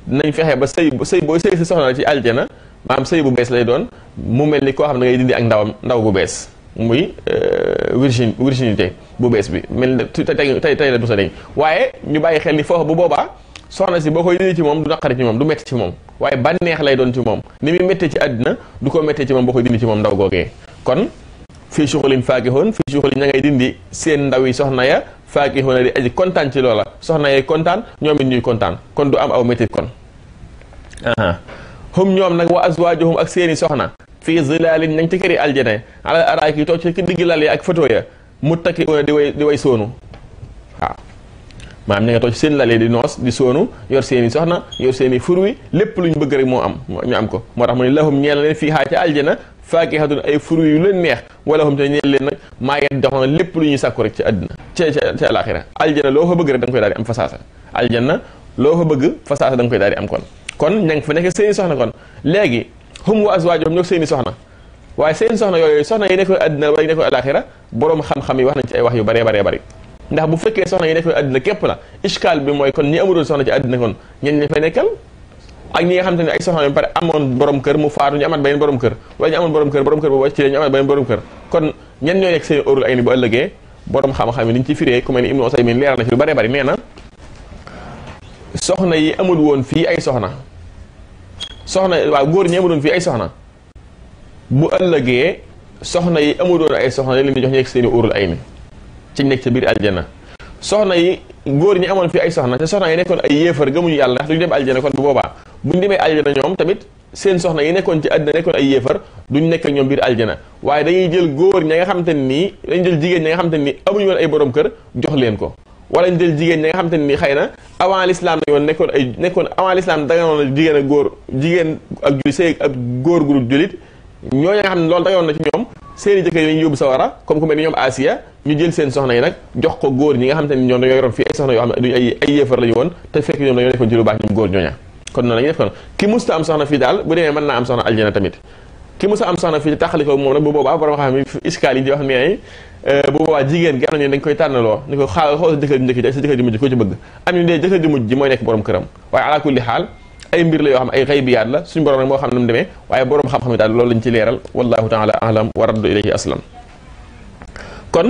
S2: dinañ fexe ba sëy sëy booy sëy si soxna ci aljana am sëy bu bees lay doon mu mel ni koo xam na ngay dindi ak ndawam ndaw bu bees muy euh, virgin virginité bu bees bi mel ne tey tey tey la du sa waaye ñu bàyyi xel ni foofu bu boobaa soxna si boo koy dindi ci moom du naqari ci moom du métti ci moom waaye neex lay doon ci moom ni muy méttee ci àddina du ko méttee ci moom boo koy dindi ci moom ndaw googee kon fii suxulin faakixoon fii suxulin ña ngay dindi seen ndaw yi soxna ya faakihuna di aji kontaan ci loola soxna yee kontaan ñoom it ñuy kontaan kon du am aw métit kon hum ñoom nag wa azwaajuhum ak seeni soxna fii zilaalin nañ ci këri aljana ala araaki yi toog ci digg lal ya ak photo ya muttaki'uuna di way di way soonu waaw maanaam ñi nga toog ci seen lal yi di noos di soonu yor seeni soxna yor seeni furwi lépp luñ bëgg rek moo am ñu am ko moo tax mu ne lahum ñeel leen fii xaa ca aljana faakihatun ay fruits yu leen neex wala hum te ñeen leen nag maa ngi doxoon lépp lu ñuy sàkku rek ci àddina ci ci àlaxira aljanna loo fa bëgg rek da nga koy daal di am fasaasa loo fa bëgg fasaasa da koy daal am kon kon ña ngi fa nekk seeni soxna kon léegi hum wa azwaajuhum ñoo seeni soxna waaye seeni soxna yooyu soxna yi nekkoon àddina wala yi nekkoon alaxira boroom xam-xam yi wax nañ ci ay wax yu baree baree bëri ndax bu fekkee soxna yi nekkoon àddina képp la iskaal bi mooy kon ñi amuloon soxna ci àddina kon nekkal ak ñi nga xam te ne ay soxna pare amoon borom kër mu faatu ñu amaat beneen borom kër wala ñu amoon borom kër borom kër boobu ci la ñu amaat beneen borom kër kon ñen ñoo nekk seen óorul ay ni bu ëllëgee borom xam-xam yi ni ñu ci firee ku mel ni Ibnu Usaymin leeral na ci lu bëree bëri nee na soxna yi amul woon fii ay soxna soxna waaw góor ñi amul woon fii ay soxna bu ëllëgee soxna yi amul woon ay soxna li ñu jox ñu nekk seen óorul ay ni ci nekk ca biir aljana soxna yi góor ñi amoon fii ay soxna te soxna yi nekkoon ay yéefar gëmuñu yàlla ndax duñu dem aljana kon bu boobaa buñ démé aljana ñom tamit seen soxna yi nekkon ci adna nekkon ay yéefar duñ nekk ñom bir aljana waye dañuy jël góor ñi nga xamanteni nii dañuy jël jigéen ñi nga xamanteni nii amuñu woon ay borom kër jox leen ko wala ñu jël jigéen ñi nga xamanteni nii xëy avant l'islam na yoon nekkoon ay nekkon avant l'islam da nga noon jigéen ak góor jigéen ak jullit sëy ak góor gu dul jullit ñooñu nga xam loolu da nga yoon na ci ñom seeni jëkke yi ñu yobu sawara comme ku melni ñom Asiya ñu jël seen soxna yi nak jox ko góor ñi nga xamanteni ñoo ñoom dañoo fi ay soxna yo xam ay ay yéefar la ñu te fekk ñoom dañu nekkon ci lu baax ñoom góor ñoña kon noonu la ñuy def kon ki musta am soxna fi dal bu demee man na am soxna aljana tamit ki musta am soxna fi taxalikoo mom nak bu boba borom xam ne iskaal di wax ni ay bu boba jigen gën am dañ koy tanalo ni ko xaal xol sa jëkkër ju njëkk ji ak mujj ko ci bëgg am ñu dé jëkkër di mujj moy nek borom kërëm way ala kulli hal ay mbir la yo xam ay xaybiyaat la suñu borom nag moo xam ne démé waye borom xam-xam dal loolu lañ ci léral wallahu taala alam wa raddu ilayhi aslam kon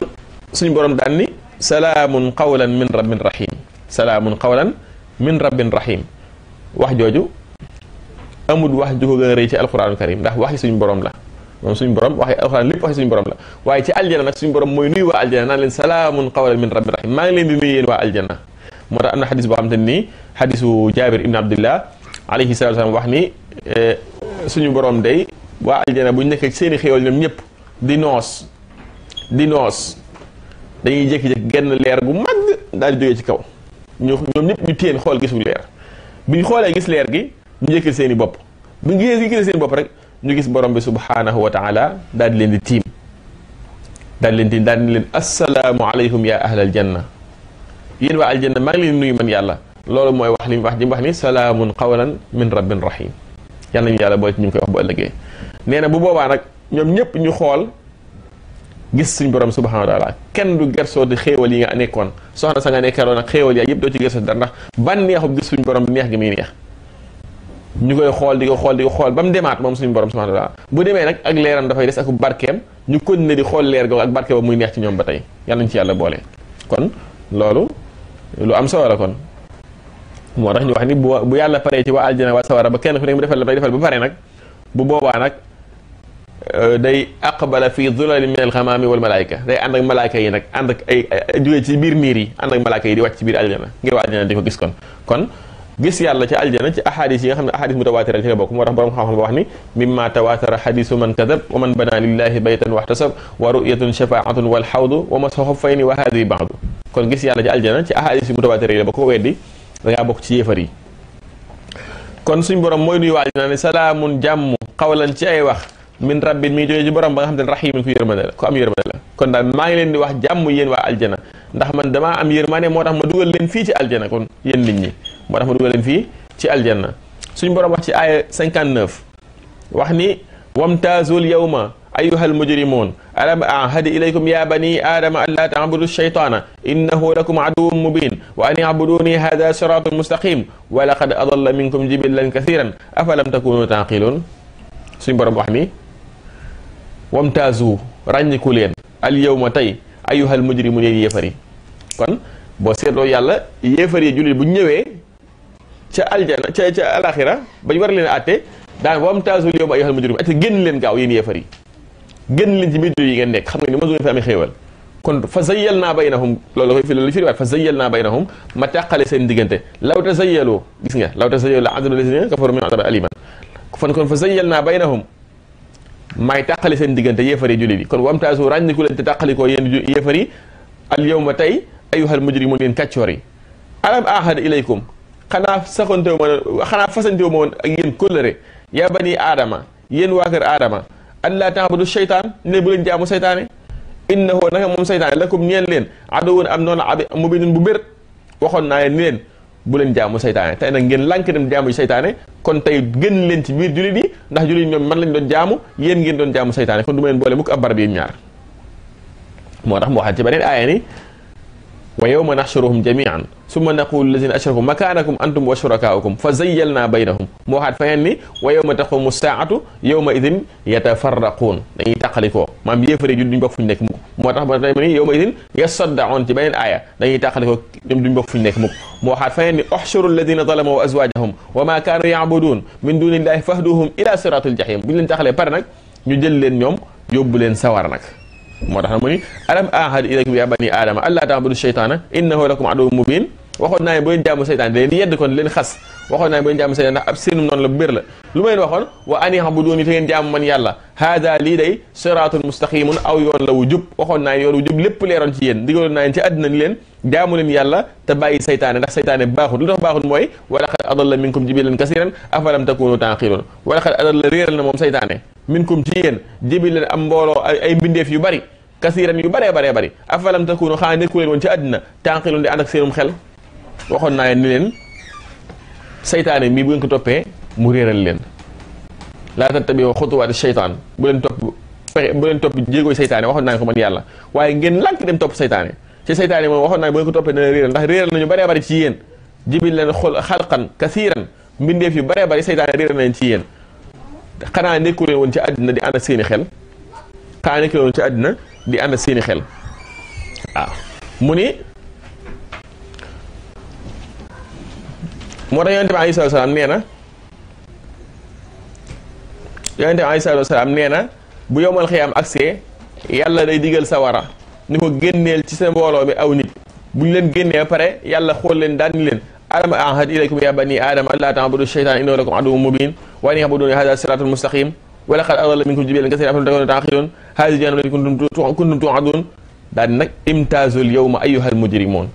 S2: suñu borom dal ni salamun qawlan min rabbin rahim salamun qawlan min rabbin rahim wax jooju amul wax ju ko gën a rëy ci alxuraanu karim ndax waxi suñu borom la moom suñu borom waxi alxuraan lépp waxi suñu borom la waaye ci aljana nag suñu borom mooy nuyu waa aljana naan leen salaamun qawlan min rabbin rahim maa ngi leen di nuyu yéen waa aljana moo tax am na xadis boo xam te nii xadisu jaabir ibn abdillah alayhi salatu wasalam wax ni eh, suñu borom day waa aljana buñ nekk seeni xéewal ñoom ñëpp di noos di noos dañuy jékki-jékki genn leer gu mag daal di jógee ci kaw ñu ñoom ñëpp ñu téen xool gisul leer bi ñu xoolee gis leer gi ñu yëkkil seen i bopp bi ñu yëkkil seen i bopp rek ñu gis borom bi subhaanahu wa taala daal di leen di tiim daal di leen tiim daal di leen assalaamu aleykum yaa ahlal janna yéen waa aljanna maa ngi leen nuyu man yàlla loolu mooy wax li mu wax ji mu wax ni salaamun qawlan min rabbin rahim yal nañu yàlla booy ci ñu ngi koy wax bu ëllëgee nee na bu boobaa nag ñoom ñëpp ñu xool gis suñ borom subhanahu wa taala kenn du gersoo di xéewal yi nga nekkoon soxna sa nga nekkeroon ak xéewal yaa yëpp doo ci gersoo dara ndax ban neexub gis suñ borom bi neex gi muy neex ñu koy xool di ko xool di xool ba mu demaat moom suñu borom subhanahu wa taala bu demee nag ak leeram dafay des ak barkeem ñu continuer di xool leer googu ak barke ba muy neex ci ñoom ba tey yal nañ ci yàlla boole. kon loolu lu am solo la kon moo tax ñu wax ni bu bu yàlla paree ci waa aljana waa sawara ba kenn ku nekk mu defal la bay defal ba pare nag bu boobaa nag day aqbala fi zulali min al-ghamami wal malaika day ànd ak malaika yi nak ànd ak ay jógee ci bir mir yi ànd ak malaika yi di wàcc ci bir aljana ngir waa aljana di ko gis kon kon gis yàlla ci aljana ci ahadith yi nga xamne ahadith mutawatir ci la bokk mo tax borom xam-xam wax ni mimma tawatara hadithu man kadab wa man bana lillahi baytan waxtasab wa ruyatun shafaatun wal hawd wa mas wa haadi ba'd kon gis yàlla ci aljana ci ahadith mutawatir yi la bokk weddi da nga bokk ci yefar yi kon suñu borom moy nuyu waa aljana ni salaamun jàmm qawlan ci ay wax min rabbin mi ngi jógee ci borom ba nga xam te ne raxiimin ku yërmande la ku am yërmande la kon daal maa ngi leen di wax jàmm yéen waa aljana ndax man damaa am yërmande moo tax ma dugal leen fii ci aljana kon yéen nit ñi moo tax ma dugal leen fii ci aljana suñu borom wax ci aaya 59 wax ni wamtaazul yawma أيها المجرمون ألم أعهد إليكم يا بني آدم ألا تعبدوا الشيطان إنه لكم عدو مبين وأن اعبدوني هذا صراط مستقيم ولقد أضل منكم جبلا كثيرا أفلم تكونوا تعقلون سنبرم وحمي wamtaazu ràññiku leen al yawma tey ayyuhal mujrimuun yéen yéefar yi kon boo seetoo yàlla yéefar yi jullit bu ñëwee ca aljana ca ca bañ war leen a àtte daan wamtaazul yawma ayyuhal mujrimuun ate génn leen gaaw yéen yéefar yi génn leen ci biir jullit yi ngeen nekk xam nga ni mosu ngeen fi amee xéewal kon fa zayyal naa baynahum loolu koy fi loolu firiwaat fa zayyal naa baynahum ma tàqale seen diggante law ta zayyaloo gis nga law ta zayyaloo la aduna lazina kafaru min adab aliman kon kon fa may tàqali seen diggante yéefar yi jullit yi kon wamtaasu ràññiku leen te tàqalikoo yéen yéefar yi al yawma tey ayyuhal mujrimun yéen kàccoor yi alam ahad ilaykum xanaa saxantewu ma woon xanaa fasantewu ma woon ak yéen kóllëre yaa bani aadama yéen waa kër aadama allaa taabudu seytaan ne bu leen jaamu seytaane innahu naka moom seytaane lakum ñeen leen aduwwun am noonu abi mubinun bu bér waxoon naa leen leen bu leen jaamu saytaane tey nag ngeen lank dem jaamu saytaane kon tey gën leen ci biir jullit yi ndax jullit ñoom man lañ doon jaamu yéen ngeen doon jaamu saytaane kon du ma leen boole mukk ab barab yéen ñaar moo tax mu waxaat ci beneen aaya ni ويوم نحشرهم جميعا ثم نقول الذين اشركوا مكانكم انتم وشركاؤكم فزيلنا بينهم موحد فاني ويوم تقوم الساعه يومئذ يتفرقون داني يعني تخليكو مام يفري جوني بوك فني نيك موتاخ باي ماني يعني يومئذ يصدعون تي بين ايه داني يعني تخليكو جوم دوني بوك فني نيك موحد فهمني احشروا الذين ظلموا ازواجهم وما كانوا يعبدون من دون الله فهدوهم الى صراط الجحيم بلين تخلي بار نك ني جيل لين نيوم يوبو لين moo tax mu ni alam ahad ilaykum ya bani aadama allah taabudu sheytaana innahu lakum adu mubin waxoon naa ne bu leen jaamu seytaan leen yedd kon leen xas waxoon naa ne bu leen jaamu seytaan ndax ab seenum noonu la bu bér la lu ma leen waxoon wa ani xabuduuni te ngeen jaamu man yàlla haada lii day siraatun mustaqimun aw yoon la wu jub waxoon naa ne lépp leeroon ci yéen digaloon naa ci àddina ni leen jaamu leen yàlla te bàyyi seytaane ndax seytaane baaxul lu tax baaxul wala xad adalla minkum jibilan kasiran afalam takunu taaqiloon wala xad adalla réeral na moom seytaane minkum ci yéen jibilan am mbooloo ay mbindeef yu bari kasiiran yu baree baree bëri afalam takunu xanaa nekku leen woon ci àddina tànqilun di ànd ak seenum xel waxoon naa leen ni leen mii bu ngeen ko toppee mu réeral leen laa tattabiu wa seytaan bu leen topp bu leen topp jéegooy saytaane waxoon naa ko man yàlla waaye ngeen lànk dem topp saytaane ci saytaane moom waxoon naa bu ngeen ko toppee dana réeral ndax réeral nañu baree bëri ci yéen jibil leen xol xalqan kasiiran mbindeef yu baree bëri saytaane réeral nañ ci yéen xanaa nekku leen woon ci àddina di ànd ak seeni xel xanaa nekku leen woon ci àddina di amé seeni xel ah muni mo moo tax yonente sallam néna salaatu salaam sallam néna yonente bi alayhi salaatu salaam bu yomal xiyaam agsee yàlla day digël sawara ni ko gennel ci seen mbolo bi aw nit buñ len genné pare yàlla xol len daan ni leen alam ahad ilaykum ya bani adam alla ta'budu ash sheytaan innahu lakum aduwwun mubin wa an as-sirata al mustaqim ولقد أضل منكم minkum كثيرا kasiran تكونوا تعقلون xaalis jaan la kuntum tuadun daal di nag imtaazul yawma ayyuhal mujrimoon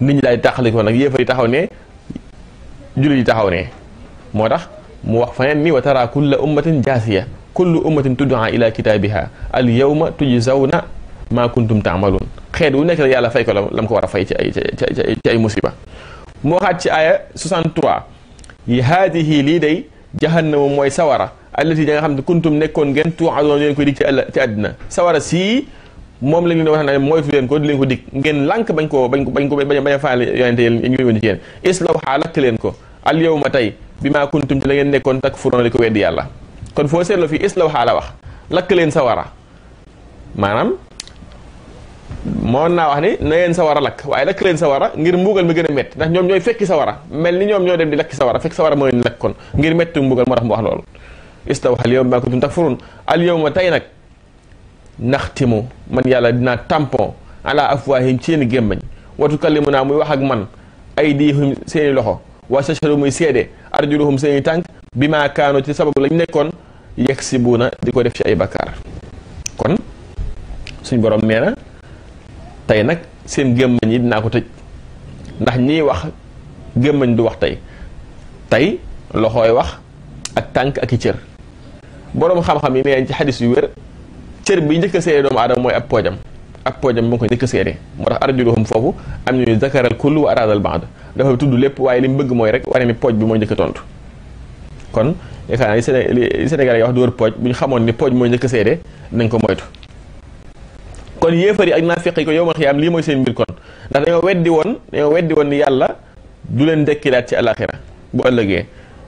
S2: nit ñi daal di taxaliko nag yéefar yi taxaw ne jullit yi taxaw ne moo tax mu wax faneen ni wa tara kulla ummatin jaasiya kullu ummatin tud'a ila kitaabiha al yawma tujzawna maa kuntum taamaluun xeet wu nekk la yàlla fay ko la mu ko war a fay ci ay ci ay musiba moo xaat ci aaya 63 yi haadihi lii day jahannama mooy sawara allati danga xam ne kuntum nekkoon ngeen tuuxadoon leen koy dig ci ci àddina sawara sii moom lañ leen wax na mooy leen ko di leen ko dig ngeen lànk bañ ko bañ ko bañ ko bañ a faale yonente yéen ñu yónni ci yéen islawhaa lakk leen ko al tey bi maa kuntum ci la ngeen nekkoon takfuruuna di ko weddi yàlla kon foo seetloo fii islawhaa la wax lakk leen sawara maanaam moon naa wax ni na ngeen sawara lakk waaye lakk leen sawara ngir mbugal mi gën a métti ndax ñoom ñoo dem di lakki sawara fekk sawara moo leen lakk kon ngir métti mbugal moo wax loolu istaw al yawma ma kuntum takfurun al yawma tey nag naxtimu man yàlla dinaa tampon ala afwaahim ci i gémmañ wa tukallimunaa muy wax ak man aydihum seen i loxo wa tashhadu muy seede arjuluhum seen i tànk bi maa kaanu ci sababu lañ nekkoon yaksibuuna di ko def ci ay bakkaar kon suñ borom nee na tey nag seen gémmañ yi dinaa ko tëj ndax ñiy wax gémmañ du wax tey tey loxooy wax ak tànk ak i cër boroom xam-xam yi neen ci xadis yu wér cër bi njëkk a seede doomu aadama mooy ab poojam ab poojam moo ko njëkk a moo tax arjuluhum foofu am nañu zakaral kull wa araadal baad dafa lépp waaye li bëgg mooy rek wane ni pooj bi mooy njëkk a tontu kon yaakaar naa li Sénégal yi wax pooj bu ñu xamoon ni pooj mooy njëkk a seede nañ ko moytu kon yéefar yi ak naafiq yi ko yow ma xiyaam lii mooy seen mbir kon ndax dañoo weddi woon dañoo weddi woon ni yàlla du leen dekkilaat ci àlaxira bu ëllëgee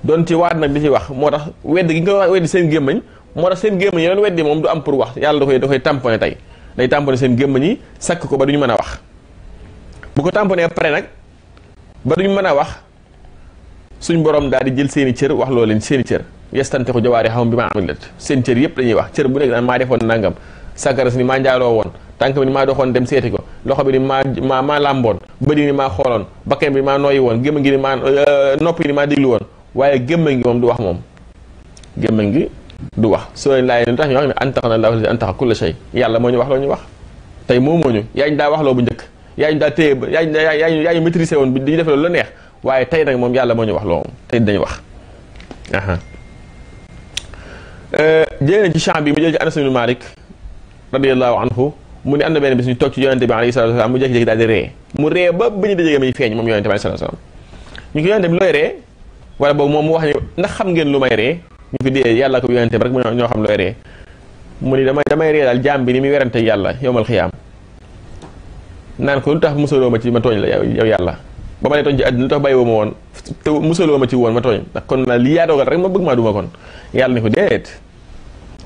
S2: ci waat nak di ci wax motax wedd gi nga wedd seen gémmañ motax seen gémmañ yi weddi mom du am pour wax yalla da koy da koy day tamponer seen gémmañ yi sakk ko ba duñu mën wax bu ko tamponer pare nak ba duñu wax suñ borom daal di jël seeni cër wax loo len seeni cër yestante ko jawari xamam bi ma amilat seen cër yëpp dañuy wax cër bu nek ma defon nangam Sakar ni ma ndialo won tank ni ma doxoon dem seti ko loxo bi ni ma ma maa làmboon bëri ni ma xooloon bakkan bi ma nooyi won gémma ngi ni ma euh, nopi ni ma diglu won waaye gémmañ gi moom du wax moom gémmañ gi du wax soo laay lu tax ñu wax ne antaxa na lawla antaxa kulla shay yàlla moo ñu wax loo ñu wax tey moom moo ñu yaa daa wax loo bu njëkk yaa daa téye ba yaa ñu yaa ñu yaa woon bi di def loolu la neex waaye tey nag moom yàlla moo ñu wax loo moom tey dañu wax euh, jëlee ci champs bi mu jël ci Anas ibn Malik radiyallahu anhu mu ne na benn bis ñu toog ci yonente bi alayhi salatu wasalam mu jékki-jékki daal di ree mu ree ba ba ñu dajee ma ñu feeñ moom yonente bi alayhi ñu ko yonente looy ree wala boobu moom mu wax ne ndax xam ngeen lu may ree ñu ko dee yàlla ko yonente bi rek mu ñoo xam looy ree mu ni damay damay ree daal jaam bi ni muy werante yàlla yowmal xiyaam naan ko tax musaloo ma ci ma tooñ yàlla ba ma lay tooñ ci àddina lu tax bàyyi ma woon te musaloo ma ci woon ma tooñ ndax kon na li yaa dogal rek ma bëgg maa duma kon yàlla ni ko déet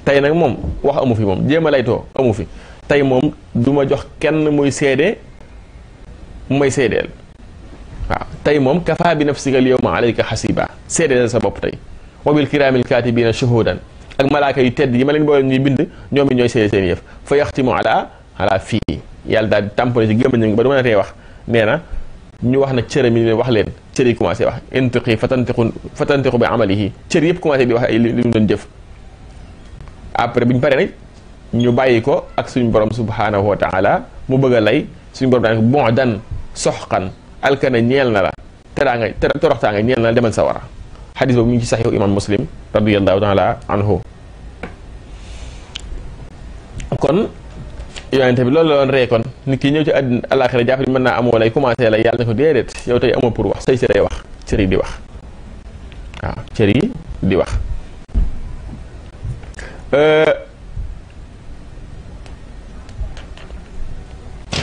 S2: tey nag moom wax amu fi moom jéema a laytoo amu fi tey moom duma jox kenn muy seede may seedeel waaw tey moom kafa bi nafsika al yawma alayka xasiba seedeel sa bopp tey wa bil kiraamil kaatibiina shuhuudan ak malaaka yu tedd yi ma leen boole ñuy bind ñoom it ñooy seede seen yëf fa yaxtimu ala ala fii yàlla daal di tamponné ci gémmañ ngi ba du mën a tee wax nee na ñu wax nag cëram yi leen wax leen cër yi commencé wax intiqi fatantiqu fatantiqu bi amalihi cër yëpp commencé di wax ay li mu doon jëf après bi ñu paree nag ñu bàyyi ko ak suñu borom subhaanahu wa taala mu bëgg a lay suñu borom daan ko bon dan soxqan alkane ñeel na la teraanga toroxtaanga ñeel na la demal sawara xadis boobu mu ngi ci saxiixu imam muslim radiallahu bi loolu la doon ree kon nit ki ñëw ci àddina alaxira jàpp ni mën naa amoo lay commencé la yàlla ne ko déedéet yow tey amoo pour wax say cëray wax cër yi di wax waaw cër yi di wax euh,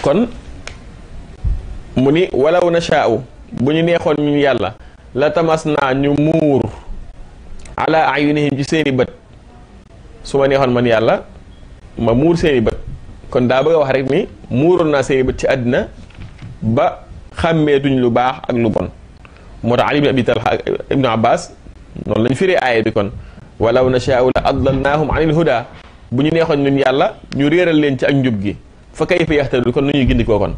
S2: kon muni wala nashau, shau bu ñu neexoon ñun yàlla la tamas ñu mur ala ayunihim ci seeni bët suma ma mamur man yalla ma mur seeni bët kon daa bëgg wax rek ni seeni ci ba xàmmeetuñ lu baax ak lu bon mur ali ibn abi talha ibn ibnu abbas non lañ firee aaya bi kon walaw nashaa'u la adlalnaahum anil huda bu ñu neexoon ñun yalla ñu réeral leen ci ak njub gi fa kayfa kon nu kon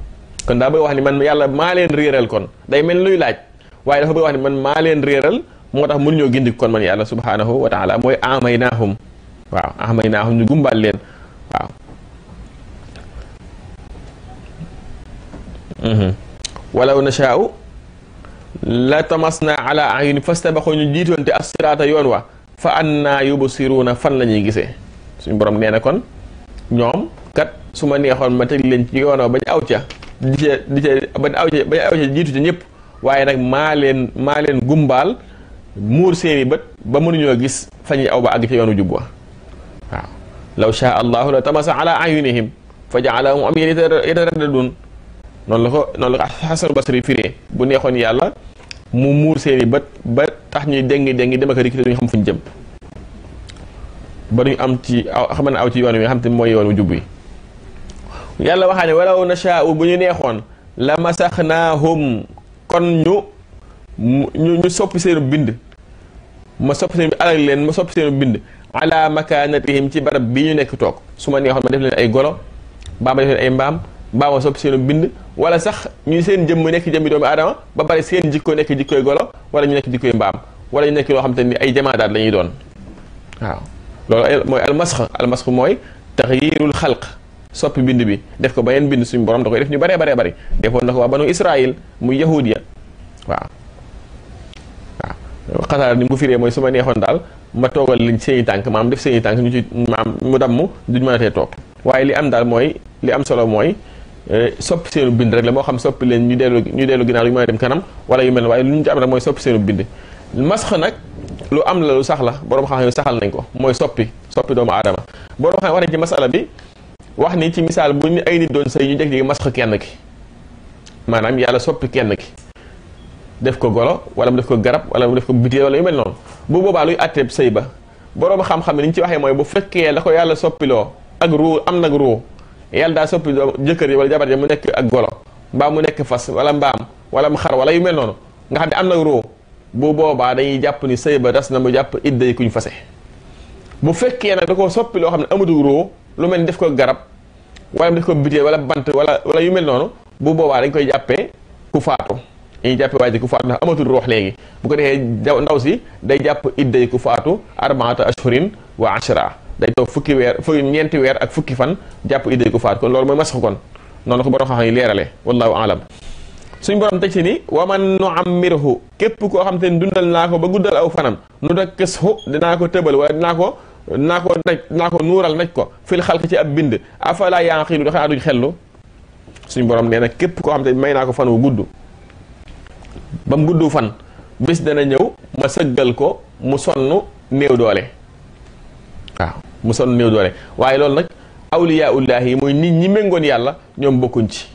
S2: kon daa bëgg wax ni man yàlla maa leen réeral kon day mel luy laaj waaye dafa bëgg wax ni man maa leen réeral moo tax mënuñoo gindik kon man yàlla subhaanahu wa taala mooy amaynaahum waaw amaynaahum ñu gumbaal leen waaw mhm. walaw nashaau la tamasna ala ayuni fastabaxu ñu jiitoonte assiraata yoon wa fa annaa fan la ñuy gisee suñu borom nee na kon ñoom kat suma neexoon ma teg leen ci yoonoo ba ñu aw di ca di ci ba awca ba awca jiitu ca ñëpp waaye nag maa leen maa leen gumbaal muur seeni bët ba mënuñoo gis fañuy aw ba àgg ci yoonu jubwa wa waaw law sha allahu la tamasa ala ayunihim fa jaalahum am yataraddadun noonu la ko noonu la ko basri firé bu neexoon yàlla mu muur seeni bët ba tax ñuy dengi dengi dem ak rek ñu xam fuñ jëm ba duñu am ci aw xam ne aw ci yoon wi nga xam mooy yoonu jubbi yàlla waxaa ne walaw nashaau bu ñu neexoon la masaxnaahum kon ñu ñu soppi seenu bind ma soppi seen alal leen ma soppi seenu bind ala makaanatihim ci barab bii ñu nekk toog su ma neexoon ma def leen ay golo baa ma def leen ay mbaam baa ma soppi seenu bind wala sax ñu seen jëmm nekk jëmmi doomu aadama ba pare seen jikko nekk jikkoy golo wala ñu nekk jikkoy mbaam wala ñu nekk loo xam te ni ay jamaadaat la ñuy doon waaw loolu mooy almasx almasx mooy taxyirul xalq soppi bind bi def ko ba neen bind suñu borom da koy def ñu baree baree bari defoon na ko waa banu Israël muy yahud ya waaw
S1: waaw
S2: xasaar ni mu ko firee mooy su ma neexoon daal ma toogal liñ seeni tànk maam def seeni tànk ñu ci maam mu damm duñ mënatee toog waaye li am daal mooy li am solo mooy eh, soppi seenu bind rek la moo xam soppi leen ñu dellu ñu dellu ginnaaw yu mën dem kanam wala yu mel waaye lu ñu ci am rek mooy soppi seenu bind masx nag lu am la sax la borom xam saxal nañ ko mooy soppi soppi doomu aadama borom xam wax nañ ci masala bi wax ni ci misaal bu ni ay nit doon sëy ñu jeg jegi masx kenn ki maanaam yàlla soppi kenn ki def ko golo wala mu def ko garab wala mu def ko butéel wala yu mel noonu bu boobaa luy àtteeb sëy ba boroom xam ne ni ñu waxee mooy bu fekkee la yàlla soppiloo ak am nag ruu daa soppi jëkkër yi wala jabar yi nekk ak golo mbaa mu nekk fas wala mbaam wala xar wala yu mel noonu nga xam ne am nag ruu bu boobaa jàpp ni sëy ba das na mu jàpp idda yi kuñ fase bu fekkee nag da ko soppi loo xam ne amatu ruu lu mel ni def ko garab wala def ko bitee wala bant wala wala yu mel noonu bu boobaa dañ koy jàppee ku faatu dañuy jàppee waa ji ku faatu ndax amatul ruux léegi bu ko defee ndaw si day jàpp idday ku faatu arbaata ashhurin wa ashra day toog fukki weer fukki ñeenti weer ak fukki fan jàpp idday ku faatu kon loolu mooy masxu kon noonu ko borom xam-xam yi leerale wallahu alam suñ borom teg ci ni wa man nu ammirhu képp koo xam te ne dundal naa ko ba guddal aw fanam nu dakkishu dinaa ko tëbal wala dinaa ko naa ko daj naa ko nuural naj ko fil xalq ci ab bind afala yanqilu da xanaa duñ xellu suñ borom nee na képp koo xam te may naa ko fan wu gudd ba mu gudd fan bés dana ñëw ma sëggal ko mu sonn néew doole waaw mu sonn néew doole waaye loolu nag awliya ullaahi yi mooy nit ñi méngoon yàlla ñoom bokkuñ ci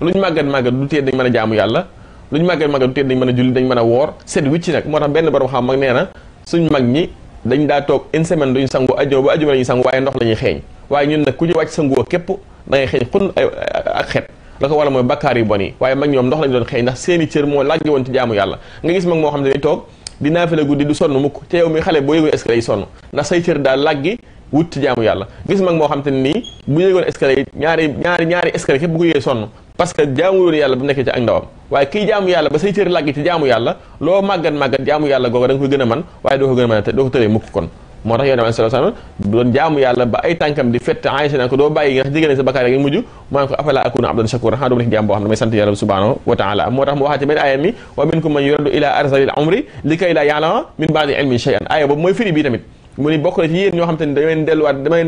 S2: luñ màggat màggat du tee dañ mën a jaamu yàlla luñ màggat màggat du tee dañ mën a julli dañ mën a woor set wicc nag moo tax benn borom xam mag nee na suñ mag ñi dañu daa toog une semaine duñ sangu ajuma ba ajuma lañuy sangu waaye ndox la ñuy xeeñ waaye ñun nag ku ñu wàcc sangoo képp da ngay xeeñ xun ak xet la ko waral mooy bakkaar yu bon yi waaye mag ñoom ndox lañ doon xeeñ ndax seeni cër moo laaj woon ci jaamu yàlla nga gis mag moo xam ne day toog di naafila guddi du sonn mukk te yow mi xale boo yéegoon escalier yi sonn ndax say cër daal laggi wut ci jaamu yàlla gis mag moo xam te nii bu yéegoon escalier yi ñaari ñaari ñaari escalier képp bu ko yéegee sonn parce que jaamu woon yàlla bu nekkee ba say cër làgg ci jaamu yàlla loo màggat màggat jaamu yàlla googu da ko gën a man waaye doo ko gën a doo ko tëree mukk kon moo tax yonent bi sallallahu alayhi wasallam doon jaamu yàlla ba ay tànkam di fett doo bàyyi ko jaam boo xam ne may sant tax mu waxaat wa minkum man yuraddu ila arzalil umri li kay laa ya'lama min ba'di ilmin shay'an aaya boobu mooy firi bii mu ni bokk na ci yéen ñoo xam te ni dama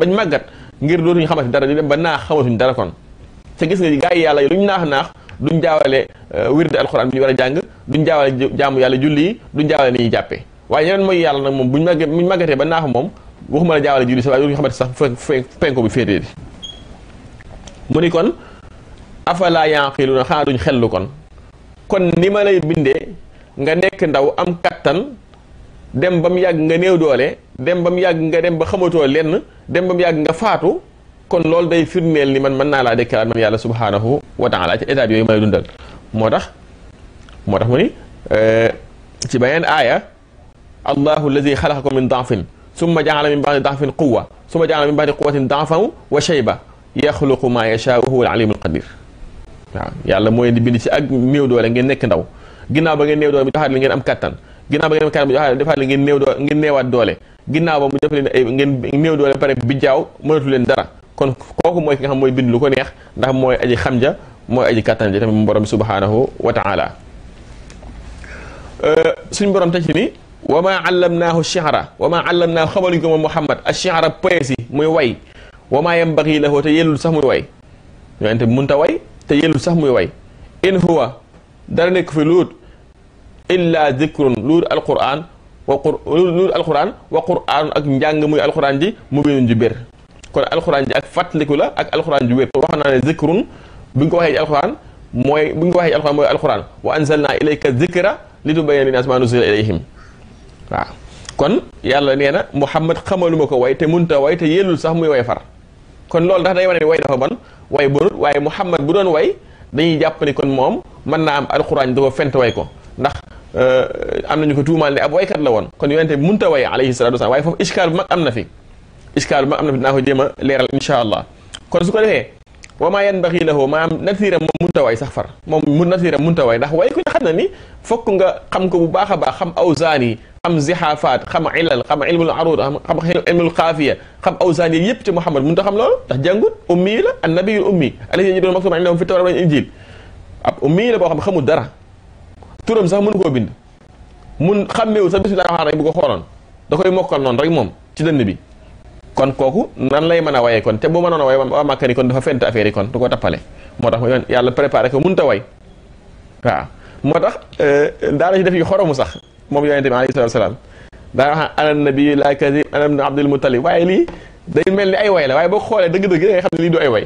S2: leen ngir dootuñu xamati dara di te gis nga gaa yi yàlla lu ñu naax naax duñ jaawale euh, wirde alxuraan bi ñu war a jàng duñ jaawale jaamu yàlla julli yi duñ jaawale ni ñuy jàppee waaye ñeneen mooy yàlla nag moom buñ màgg buñ màggatee ba naax moom waxuma la jaawale julli sa waaye ñu xamante sax penko bi féetee mu ni kon afala yanqiluna xanaa duñ xellu kon kon ni ma lay bindee nga nekk ndaw am kattan dem ba mu yàgg nga néew doole dem ba mu yàgg nga dem ba xamatoo lenn dem ba mu nga faatu kon loolu day firndeel ni man mën naa laa déclarer man yàlla subhaanahu wa taala ci état bi yooyu may dundal moo tax moo tax mu ni euh, ci beneen aaya allahu allazi xalaqakum min daafin summa jaala min baadi daafin quwa summa jaala min baadi quwatin daafan wa shayba yaxluqu maa yashaau huwa al-aliimu al-qadiir waaw yàlla mooy di bind ci ak néew doole ngeen nekk ndaw ginnaaw ba ngeen néew doole mu joxaat leen ngeen am kattan ginnaaw ba ngeen am kattan mu joxaat defaat leen ngeen néew doole ngeen néewaat doole ginnaaw ba mu def leen ay ngeen néew doole pare bi jaaw mënatu leen dara kon koku moy ki nga xam moy bind lu ko neex ndax moy aji xamja moy aji kàttan ja tamit borom subhanahu wa taala euh suñ borom tax ni wa allamnahu allamnaahu shi'ra wa maa allamnaahu xamaluñ ko Muhammad ash-shi'ra poesi moy way wa maa yanbaghi lahu ta yelul sax moy way ñante munta way ta yelul sax moy way in huwa dara nek fi lut illa dikrun luut alquran wa qur'an luut alquran wa qur'an ak njàng muy alquran di mu benu ju bér kon alxuraan ji ak fàttaliku la ak alxuraan ji wér kon wax naa ne zikrun bu ñu ko waxee ci alxuraan mooy bu ñu ko waxee ci alxuraan mooy alxuraan wa anzalna ilayka zikra li tubayyina linnaasi maa nuzzila ilayhim waaw kon yàlla nee na Muhammad xamaluma ko way te munta way te yellul sax muy way far kon loolu ndax day wane ne way dafa bon way bonut waaye Muhammad bu doon way dañuy jàpp ni kon moom mën naa am alxuraan dafa fent way ko ndax am nañu ko tuumaal ne ab waykat la woon kon yonente munta way alayhi salaatu wasalaam waaye foofu ishkaal bu mag am na fi iskaal ma am na dinaa ko jéem a leeral incha allah kon su ko defee wa maa yanbaxi lahu maanaam natiiram moom munta waay sax far moom mu natiiram munta waay ndax way ku ne xam na ni fokk nga xam ko bu baax a baax xam awsaan yi xam zixaafaat xam ilal xam ilmul aruud xam ilmul xaafiya xam awsaan yi yëpp ci Muhammad munta xam loolu ndax jàngut ummi yi la an nabiyul ummi allazi yajiduna maktuuban indahum fi tawraat wal injil ab ummi yi la boo xam xamul dara turam sax mënu koo bind mun xàmmeewul sax bismillahi rahmaani rahiim bu ko xooloon da koy mokkal noonu rek moom ci dënn bi kon kooku nan lay mën a waye kon te bu mënoon a waye waa Màkka ni kon dafa fent affaire kon du ko tappale moo tax yàlla préparé ko mënut a way waaw moo tax euh, daana ci def yu xoromu sax moom yonente bi alayhi salaatu salaam daana wax ana nabi la kadib ana ibnu abdul mutalib waaye lii day mel ni ay way la waaye boo xoolee dëgg-dëgg da ngay xam ne lii du ay way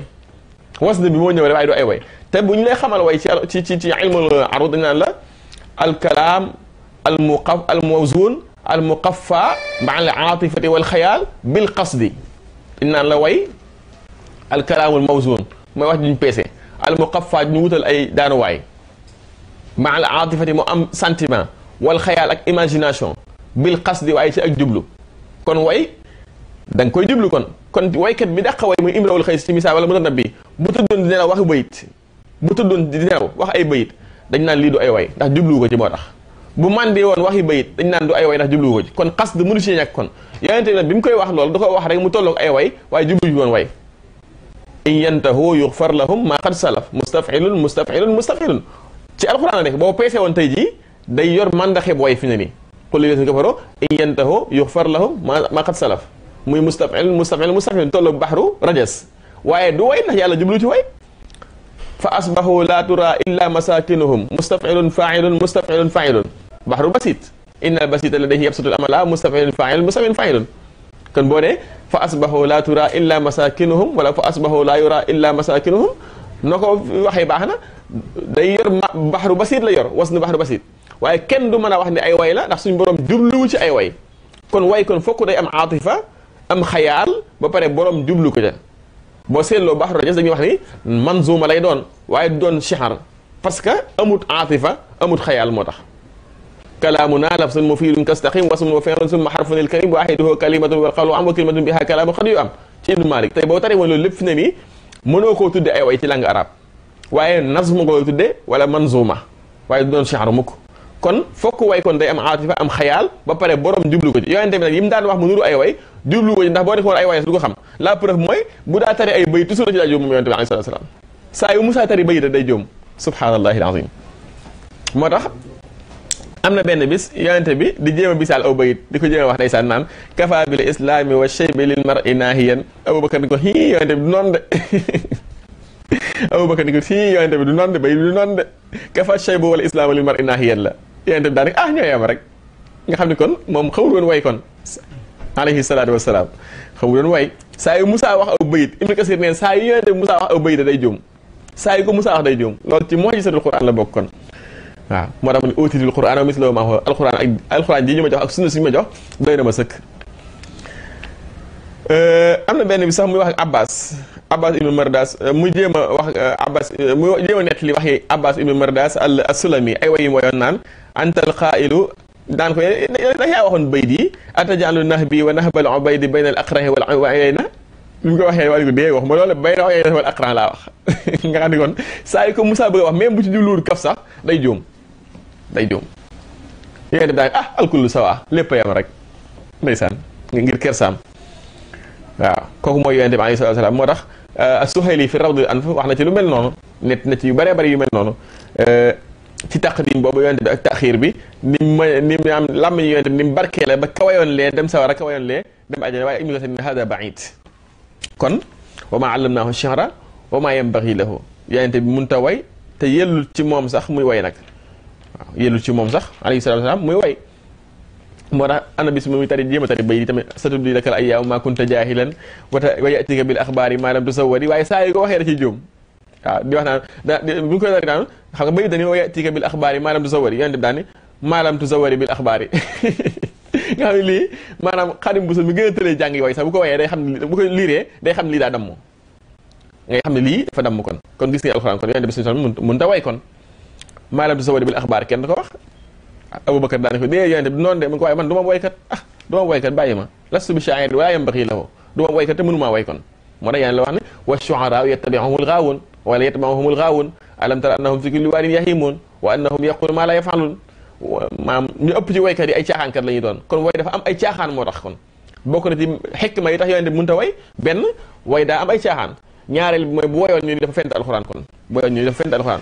S2: was na bi moo ñëw rek waaye du ay way te bu ñu lay xamal way ci ci ci ci ilmul arud dañ naan la al kalaam al muqaf al mawzun المقفى مع العاطفة والخيال بالقصد إن لوي الكلام الموزون ما واحد بيسي المقفى نوتل أي دانواي مع العاطفة مع سنتما والخيال أك إيماجيناشون بالقصد وأي شيء أجدبلو كون واي دان كوي دبلو كون كون واي كان بدأ قوي من إمرأة الخيال سيمسا ولا مدن نبي بتدون دينا واحد بيت بتدون دينا واحد أي بيت دان لي دو أي واي دان دبلو كجبارة bu man mandee woon waxi bayit dañ naan du ay way ndax jublu ko ci kon xas du mënu ci ñàkk kon yonente bi nag bi mu koy wax loolu da koy wax rek mu tolloog ay way waaye jublu ci woon way in yantahu yughfar lahum ma qad salaf mustafilun mustafilun mustafilun ci alquran la nekk boo peesee woon tey jii day yor mandaxeb way fi ne nii qul lillazina kafaru in yantahu yughfar lahum ma qad salaf muy mustafilun mustafilun mustafilun tolloog baxru rajas waaye du way ndax yàlla jublu ci way fa asbahu la tura illa masakinuhum mustafilun failun mustafilun failun baxru basit innal basita ladayhi yabsutu al amala mustafailun failun mustafailun failun kon boo ne fa asbahu la tura illa masakinuhum wala fa asbahu la yura illa masakinuhum noo ko waxee baax na day yor baxru basit la yor was nu baxru basit waaye kenn du mën a wax ne ay way la ndax suñu borom jubluwu ci ay way kon way kon fokk day am aatifa am xayaal ba pare borom jublu ko ca boo seetloo baxru rajas dañuy wax ni manzuma lay doon waaye doon chihar parce que amut aatifa amut xayaal moo tax كلامنا لفظ مفيد كستقيم واسم وفعل ثم حرف الكريم واحده كلمه والقول عام وكلمه بها كلام خديو ام تي ابن مالك تي طيب، بو تاري ولو لب فنمي منوكو تودي اي أيوة، واي تي لانغ عرب واي نظم غو تودي ولا منظومه واي دون شعر مك كون فوك واي كون داي ام عاطفه ام خيال با بري بروم ديبلو كو يوان تي نك دان واخ منورو اي أيوة. واي ديبلو واي نده أيوة، بو ديفور اي واي دوكو خام لا بروف موي بودا تاري اي بي تسو لاجي جوم يوان عليه الصلاه والسلام سايو موسى تاري بي داي جوم سبحان الله العظيم motax am na benn bis yonente bi di jéem a bisaal aw bayit di ko jéem a wax ndeysaan naan kafa bil islami wa shaybi lil mar'i naahiyan abubakar ni ko hii yonente bi du noonu de abubakar ni ko hii yonente bi du noonu de bayit bi du wal islaamu lil mar'i naahiyan la yonente bi daa ah ñoo yem rek nga xam ne kon moom xamul woon way kon alayhi salaatu wasalaam xamul saa yu Moussa wax aw bayit Ibn Kasir neen saa yu yonente bi Moussa wax aw bayit day juum saa yu ko Moussa wax day juum loolu ci mu'jizatul Qur'an la bokk waaw moo tax ma ne utiitil qur'aan wa mislahu maahu alquran ak alquran ji ñu ma jox ak sunna si ñu ma jox doy na ma sëkk am na benn bi sax muy wax ak abbas abbas ibnu mardas muy jéem a wax abbas muy jéem a nett li waxi abbas ibnu mardas al sulami ay wayim wayoon naan antal qaa'ilu daan ko da yaa waxoon bayt yi atajalu nahbi wa nahbal ubaydi bayna al aqrahi wal wa ayna bi mu ko waxee wàllu dee wax ma loolu bayna wa ayna wal aqra laa wax nga xam ne kon saa yu ko Moussa bëgg a wax même bu ci juluur kaf sax day jóom day juum yi nga def daal ah alkullu sawa lépp a yam rek ndeysaan ngir kersaam waaw kooku mooy yonente bi alayhi salaatu salaam moo tax Suhayli fi rawdul anf wax na ci lu mel noonu net na ci yu bëree bëri yu mel noonu ci taqdim boobu yonente bi ak taxiir bi ni ma ni mu am làmm ñu yonente bi ni mu barkeele ba kawayoon lee dem sawara kawayoon lee dem ajana waaye ibnu kasir ne hada baid kon wa maa allamnaahu shihra wa maa yanbaghi lahu yonente bi mun ta way te yellul ci moom sax muy way nag waaw yéenul ci moom sax alayhi salaatu wasalaam muy way moo tax ana bis mu muy tari jéem a tari bay di tamit satuddi lakal ayyaamu maa kunta jaahilan wata waaye saa yu ko waxee da ciy jóom waaw da bu ñu koy tari naan xam nga bay dañu wa yaatika bil axbaari maa lam tusawwari yonente bi daan ni maa lam tusawwari bil axbaari nga xam ne lii maanaam xaadim busul mi gën a tëlee jàng yooyu sax bu ko wayee day xam ne bu lii daa damm ngay xam ne lii dafa damm kon kon gis nga alxuraan kon yonente bi suñu mun ta way kon maalam tasawari bil axbaar kenn da ko wax aboubacar daane ko dee yonente bi noonu de mu ko waaye man du ma woykat ah du ma woykat bàyyi ma lastu bi shaa'ir wala yambaxi lahu du ma woykat te mënumaa woy kon moo tax yonente la wax ne wa shu'araa'u yattabi'uhumul ghaawuun wala yattabi'uhumul ghaawuun alam tara annahum fi kulli waadin yahiimuun wa annahum yaquuluuna maa laa yaf'aluun maam ñu ëpp ci woykat yi ay caaxaankat la ñuy doon kon woy dafa am ay caaxaan moo tax kon bokk na ci xikma yi tax yonente bi mënta way benn way daa am ay caaxaan ñaareel bi mooy bu woyoon ñu ni dafa fent alxuraan kon bu woyoon ñu ni dafa fent alxuraan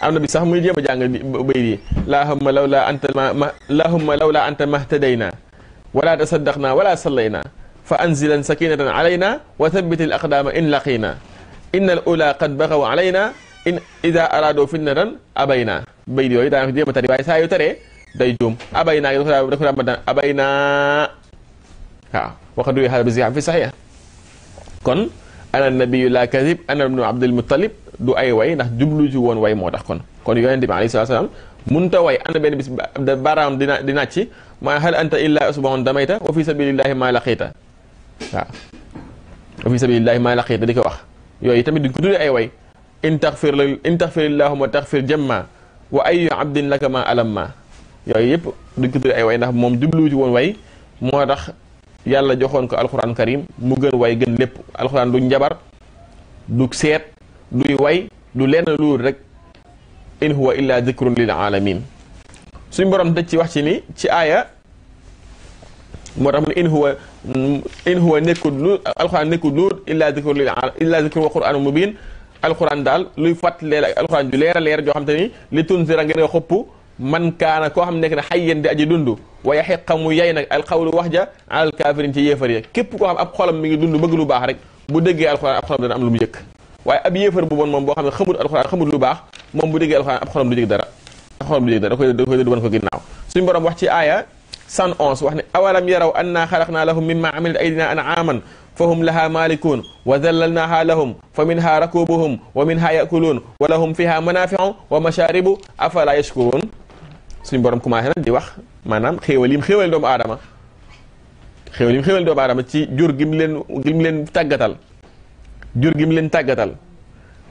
S2: أنا بسهم مجيء بجانع بيري لاهم لولا أنت ما لاهم لولا أنت ما اهتدينا ولا تصدقنا ولا صلينا فأنزل سكينة علينا وثبت الأقدام إن لقينا إن الأولى قد بغوا علينا إن إذا أرادوا فينا أبينا بيري ويدا مجيء متري باي سايو تري دايجوم أبينا يدخل يدخل مدن أبينا ها وخذوا هذا بزيع في صحيح كن ana nabiyu la kadib ana ibnu abdul muttalib du ay way ndax jublu ci woon way moo tax kon kon yonente bi alayhi salaam munta way ana benn bis da baaraam dina di nàcc ma hal anta illa usbahun damayta wa fi sabilillahi ma laqita waaw wa fi sabilillahi ma laqita di ko wax yooyu tamit duñ ko tuddee ay way in taxfir la in taxfir illahuma taxfir jamma wa ayu abdin laka ma alamma yooyu yëpp duñ ko tuddee ay way ndax moom jublu ci woon way moo tax yàlla joxoon ko alxuraan karim mu gën way gën lépp alxuraan du njabar du seet duy way du lenn loolu rek in huwa illa dikrun lil alamin suñ borom dëj ci wax ci ni ci aaya moo tax mu ne in huwa in huwa nekkul lu alxuraan nekkul lu illa dikrun lil illa dikrun wa qur'aanun mubiin alxuraan daal luy fàtt leer ak alxuraan ju leer a leer joo xam te ni li tunzira ngeen nga xëpp من كان كوهم نك حي دي ادي دوندو ويحق مو ياي نك القول وحجا على الكافرين تي يفر كيب كوهم اب خولم ميغي دوندو بغ لو باخ رك بو دغي القران اب خولم دا ام لو ييك واي اب يفر بو بون موم بو خامي خمود القران خمود لو باخ موم بو دغي القران اب خولم لو ييك دارا خولم لو ييك دارا كوي دوي دوي بون كو غيناو سيم بروم واخ تي ايا 111 واخني اولم يروا ان خلقنا لهم مما عملت ايدينا انعاما فهم لها مالكون وذللناها لهم فمنها ركوبهم ومنها ياكلون ولهم فيها منافع ومشارب افلا يشكرون suñu borom commencé nag di wax maanaam xéewal yim xéewal doomu aadama xéewal yim xéewal doomu aadama ci jur gim leen gim leen tàggatal jur gim leen tàggatal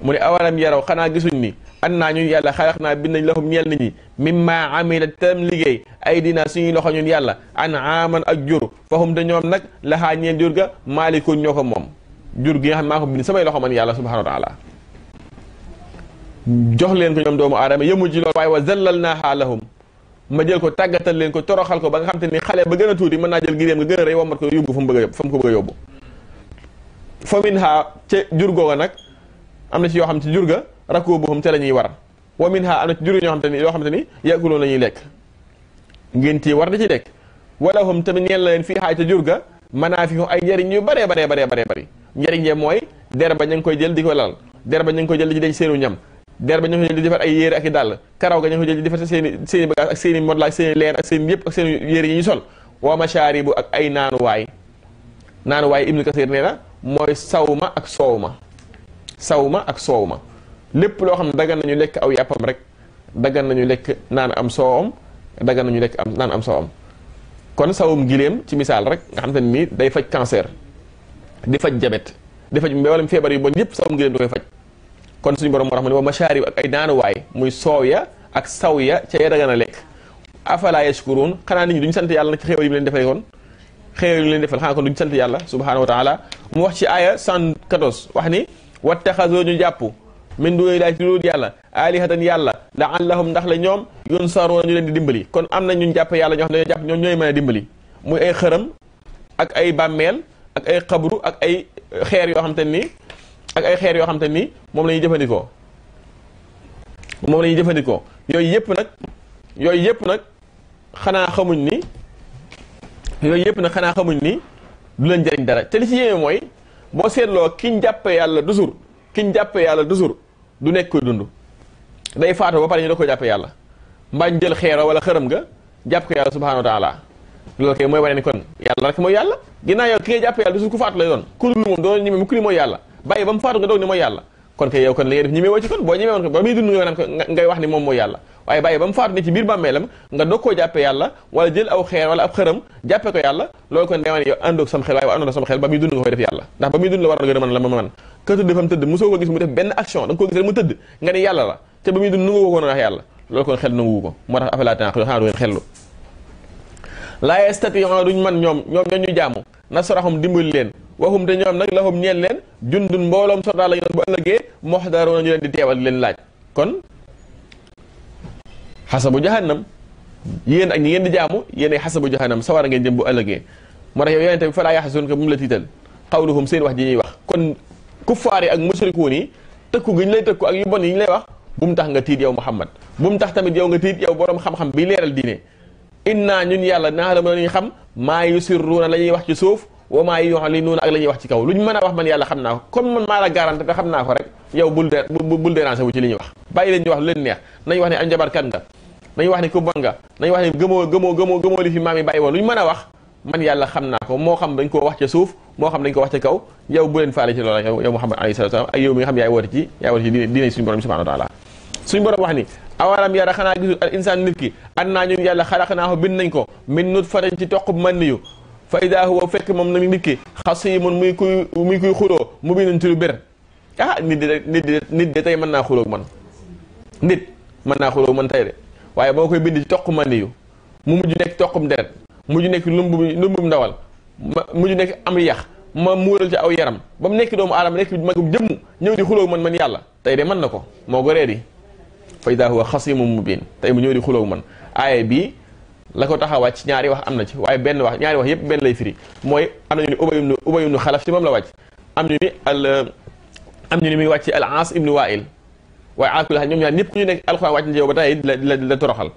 S2: mu ne awalam yaraw xanaa gisuñ ni an naa ñun yàlla xalaq naa bind nañ lahum ñeel nit ñi mimma amilat tam liggéey ay dina suñuy loxo ñun yàlla an aaman ak jur fahum te ñoom nag laxaa ñeel jur ga maalikun ñoo ko moom jur gi nga xam maa ko bind samay loxo man yàlla subhanahu wa taala jox leen ko ñoom doomu aadama yëmul ci loolu waaye wa zallal naa xaalahum ma jël ko tagatal leen ko toroxal ko ba nga xam te ni xale ba gën a tuuti mën naa jël giréem nga gën a rëy ko yóbbu fu mu bëgg a fa min ha ca jur googa nag am na ci yoo xam ci jur ga rakkoo ca la ñuy war wa min ha am na ci jur ñoo xam te ni yoo xam te ni yàkkuloon la ñuy lekk ngeen ci war na ci lekk wala hum tamit ñeel na leen fii jur ga fi ay njariñ yu bare bare bare bare bare njariñ ye ya mooy der ba ña koy jël di ko lal der ba ña koy jël di ci seenu ñam der ba ñoo ko ay yére ak i dàll karaw ga ñoo ko jël di defar seen i seen i bagage ak seen i modla ak seen i leen ak seen yëpp ak seen yére yi ñu sol wa mashaaribu ak ay naanuwaay naanuwaay ibnu kasir nee na mooy sawma ak soow ma lépp loo xam ne dagan nañu lekk aw yàppam rek dagan nañu lekk naan am soowam dagan nañu lekk am naan am soowam kon sawum giléem ci misaal rek nga xam te ni day faj cancer di faj jabet di faj mboolem feebar yu bon yëpp sawum giléem da koy faj kon suñu borom moo tax mu ne wa masharib ak ay naanuwaay muy soow ya ak saw ya ca ya a lekk afala yashkurun xanaa nit ñi duñu sant yàlla nag ci xéewal yi mu leen defal kon xéewal yi mu leen defal xanaa kon duñu sant yàlla subhanahu wa taala mu wax ci aaya 114 wax ni wattaxazoo ñu jàpp min duni laay ci dul yàlla alihatan yàlla ndax la ñoom yoon saroo ñu leen di dimbali kon am na ñu jàpp yàlla ñoo xam ne dañoo jàpp ñoom ñooy mën a dimbali muy ay xërëm ak ay bàmmeel ak ay xabru ak ay xeer yoo xam te ni ak ay xeer yoo xam te moom la ñuy jëfandikoo moom la jëfandikoo yooyu yëpp nag yooyu yëpp nag xanaa xamuñ ni yooyu yëpp nag xanaa xamuñ ni du leen jëriñ dara te li ci yéeme mooy boo seetloo kiñ jàppee yàlla toujours kiñ jàppee yàlla toujours du nekk koy dund day faatu ba pare ñu da ko jàppee yàlla mbaañ jël xeero wala xërëm nga jàpp ko yàlla subhanahu wa taala loolu kay mooy wane ni kon yàlla rek mooy yàlla ginnaaw yow ki ngay jàppee yàlla toujours ku faatu lay doon ku dul moom yàlla baye bam faatu nga dog ni mo yalla kon kay yow kon li ngay def ñi mee woo kon bo ñi mee woon ba mi dund nga nan ko ngay wax ni mom mo yalla waye baye bam faatu ni ci biir bàmmeelam nga doog ko jappé yalla wala jël aw xéer wala ab xëram jappé ko yalla loolu kon ngay wane yow andok sam xel waye andok sam xel ba mi dund nga koy def yalla ndax ba mi dund la waroon nga man la ma man ka tëdd fa mu tëdd ko gis mu def ben action dang ko gis mu tëdd nga ni yalla la te ba mi dund nu nga ko wax yalla loolu kon xel nanguwu ko moo tax afala taqil xanaa du ngeen xellu laa yastatiuna duñ man ñom ñom ñoo ñu jaamu nasrahum dimbali leen waxum te ñoom nak lahum ñel leen jundun mbolom sota la ñu bu ëllëgee moxdaaru ñu leen di téwal leen laaj kon hasabu jahannam yeen ak ñi ngeen di jaamu yeen ay hasabu jahannam sawara ngeen jëm bu ëllëgee mo tax yow yonente bi falaa yaxasun ko bu mu la tital qawluhum seen wax ji ñi wax kon kuffari ak mushrikuun yi tëkku gi lay tëkku ak yu bon yi ñu lay wax bu mu tax nga tiit yow Muhammad bu mu tax tamit yow nga tiit yow borom xam-xam bi leral diine inna ñun yalla na la mën nañu xam ma yusirruuna lañuy wax ci suuf wa maa yu'linuun ak la ñuy wax ci kaw lu ñu mën a wax man yàlla xam naa ko comme man maa la garanti te xam naa ko rek yow bul bul déranger wu ci li ñuy wax bàyyi leen wax lu leen neex nañu wax ne am jabarkat nga nañu wax ne ku bon a wax man yàlla xam naa ko moo xam dañ koo wax ca suuf moo xam nañ ko wax ca kaw yow bu leen faale ci loola yow Muhammad alayhi salaatu wa salaam ak yow mi nga xam yaay woote ci yaay woote ci diine diine wax ni awalam yara xanaa gisul naa ñun yàlla xalaqnaahu fa ida huwa fekk moom nag nit ki xasimun muy kuy muy kuy xuloo mu binun ci lu bér ah nit de nit de nit de tey mën naa xuloog man nit mën naa xuloog man tey de waaye boo koy bind ci toq ma niyu mu mujj nekk toqum deret mujj nekk lumbu lumbum ndawal mujj nekk am yax ma muural ci aw yaram ba mu nekk doomu aadama nekk magum jëmm ñëw di xuloog man man yàlla tey de mën na ko moo goree di fa ida huwa xasimun mubin tey mu ñëw di xuloog man aaye bii la ko tax a wàcc ñaari wax am na ci waaye benn wax ñaari wax yëpp benn lay firi mooy am nañu ni ubay ibnu ubay ibnu xalaf ci moom la wàcc am ñu ni al am ñu ni muy wàcc al aas ibnu waa'il waaye alakula ñoom ñaar ñëpp ku ñu nekk alxuraan wàcc na ba tey la la la toroxal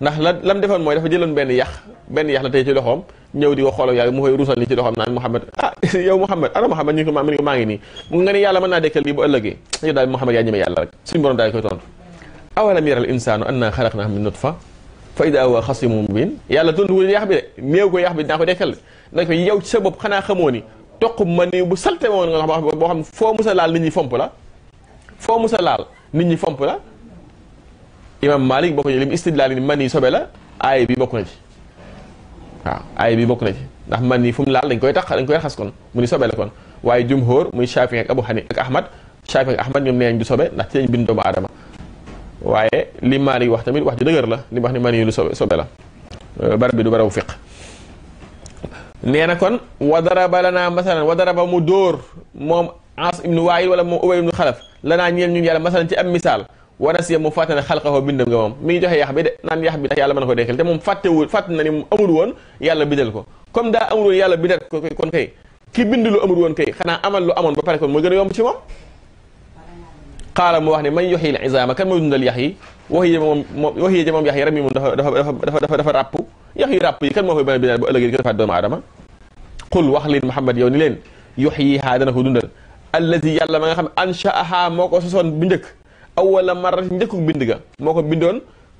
S2: ndax la lam defoon mooy dafa jëloon benn yax benn yax la tey ci loxoom ñëw di ko xoolal yàlla mu koy ruusal ni ci loxoom naan Muhammad ah yow Muhammad ana Muhammad ñu ko ma ko maa ngi nii mu nga ne yàlla mën naa dekkal lii bu ëllëgee yow daal Muhammad yaa ñeme yàlla rek suñu borom daal koy tontu awalam yaral insaanu annaa xalaqnaahu min nutfa fa ida huwa xasimun mubin yàlla tontuwul yax bi de néew ko yax bi dinaa ko dekkal nag ko yow ci sa bopp xanaa xamoo ni toq man ni bu salte woon nga xam boo xam foo musa laal nit ñi fomp la foo musa laal nit ñi fomp la imam malik bokk na ci istidlaal ni man yi sobe la aay bi bokk na ci waaw aay bi bokk na ci ndax man yi fu laal dañ koy tax dañ koy xas kon mu ni sobe la kon waaye jumhóor muy Shafi ak Abu Hanifa ak Ahmad Shafi ak Ahmad ñoom nee nañ du sobe ndax ci lañ bind aadama waaye li maali wax tamit wax ji dëgër la li wax ni mani lu sobe sobe la euh, barab bi du barabu fiq nee na kon wa daraba lanaa masalan wa daraba mu dóor moom ans ibnu waayil wala moom ubay ibnu xalaf lanaa ñeel ñun yàlla masalan ci am misaal wana si mu fàtte ne xalqahu bindam nga moom mi joxe yax bi de naan yax bi tax yàlla mën na ko dekkal te moom fàttewul fàtt na ni mu amul woon yàlla bindal ko comme daa amul woon yàlla bindal ko kon kay ki bind lu amul xanaa amal lu amoon ba pare moo gën a yomb ci قال موهن من يحيي العظام كم من يحيي وهي وهي جمع يحيي رمي من دفع دفع دفع رابو يحيي رابو كم هو بين بين بين بين بين بين قل وحل محمد يوني لين يحيي هذا نهودن الذي يلا ما خم أنشأها موكو سسون بندك أول مرة بندك بندك موكو بندون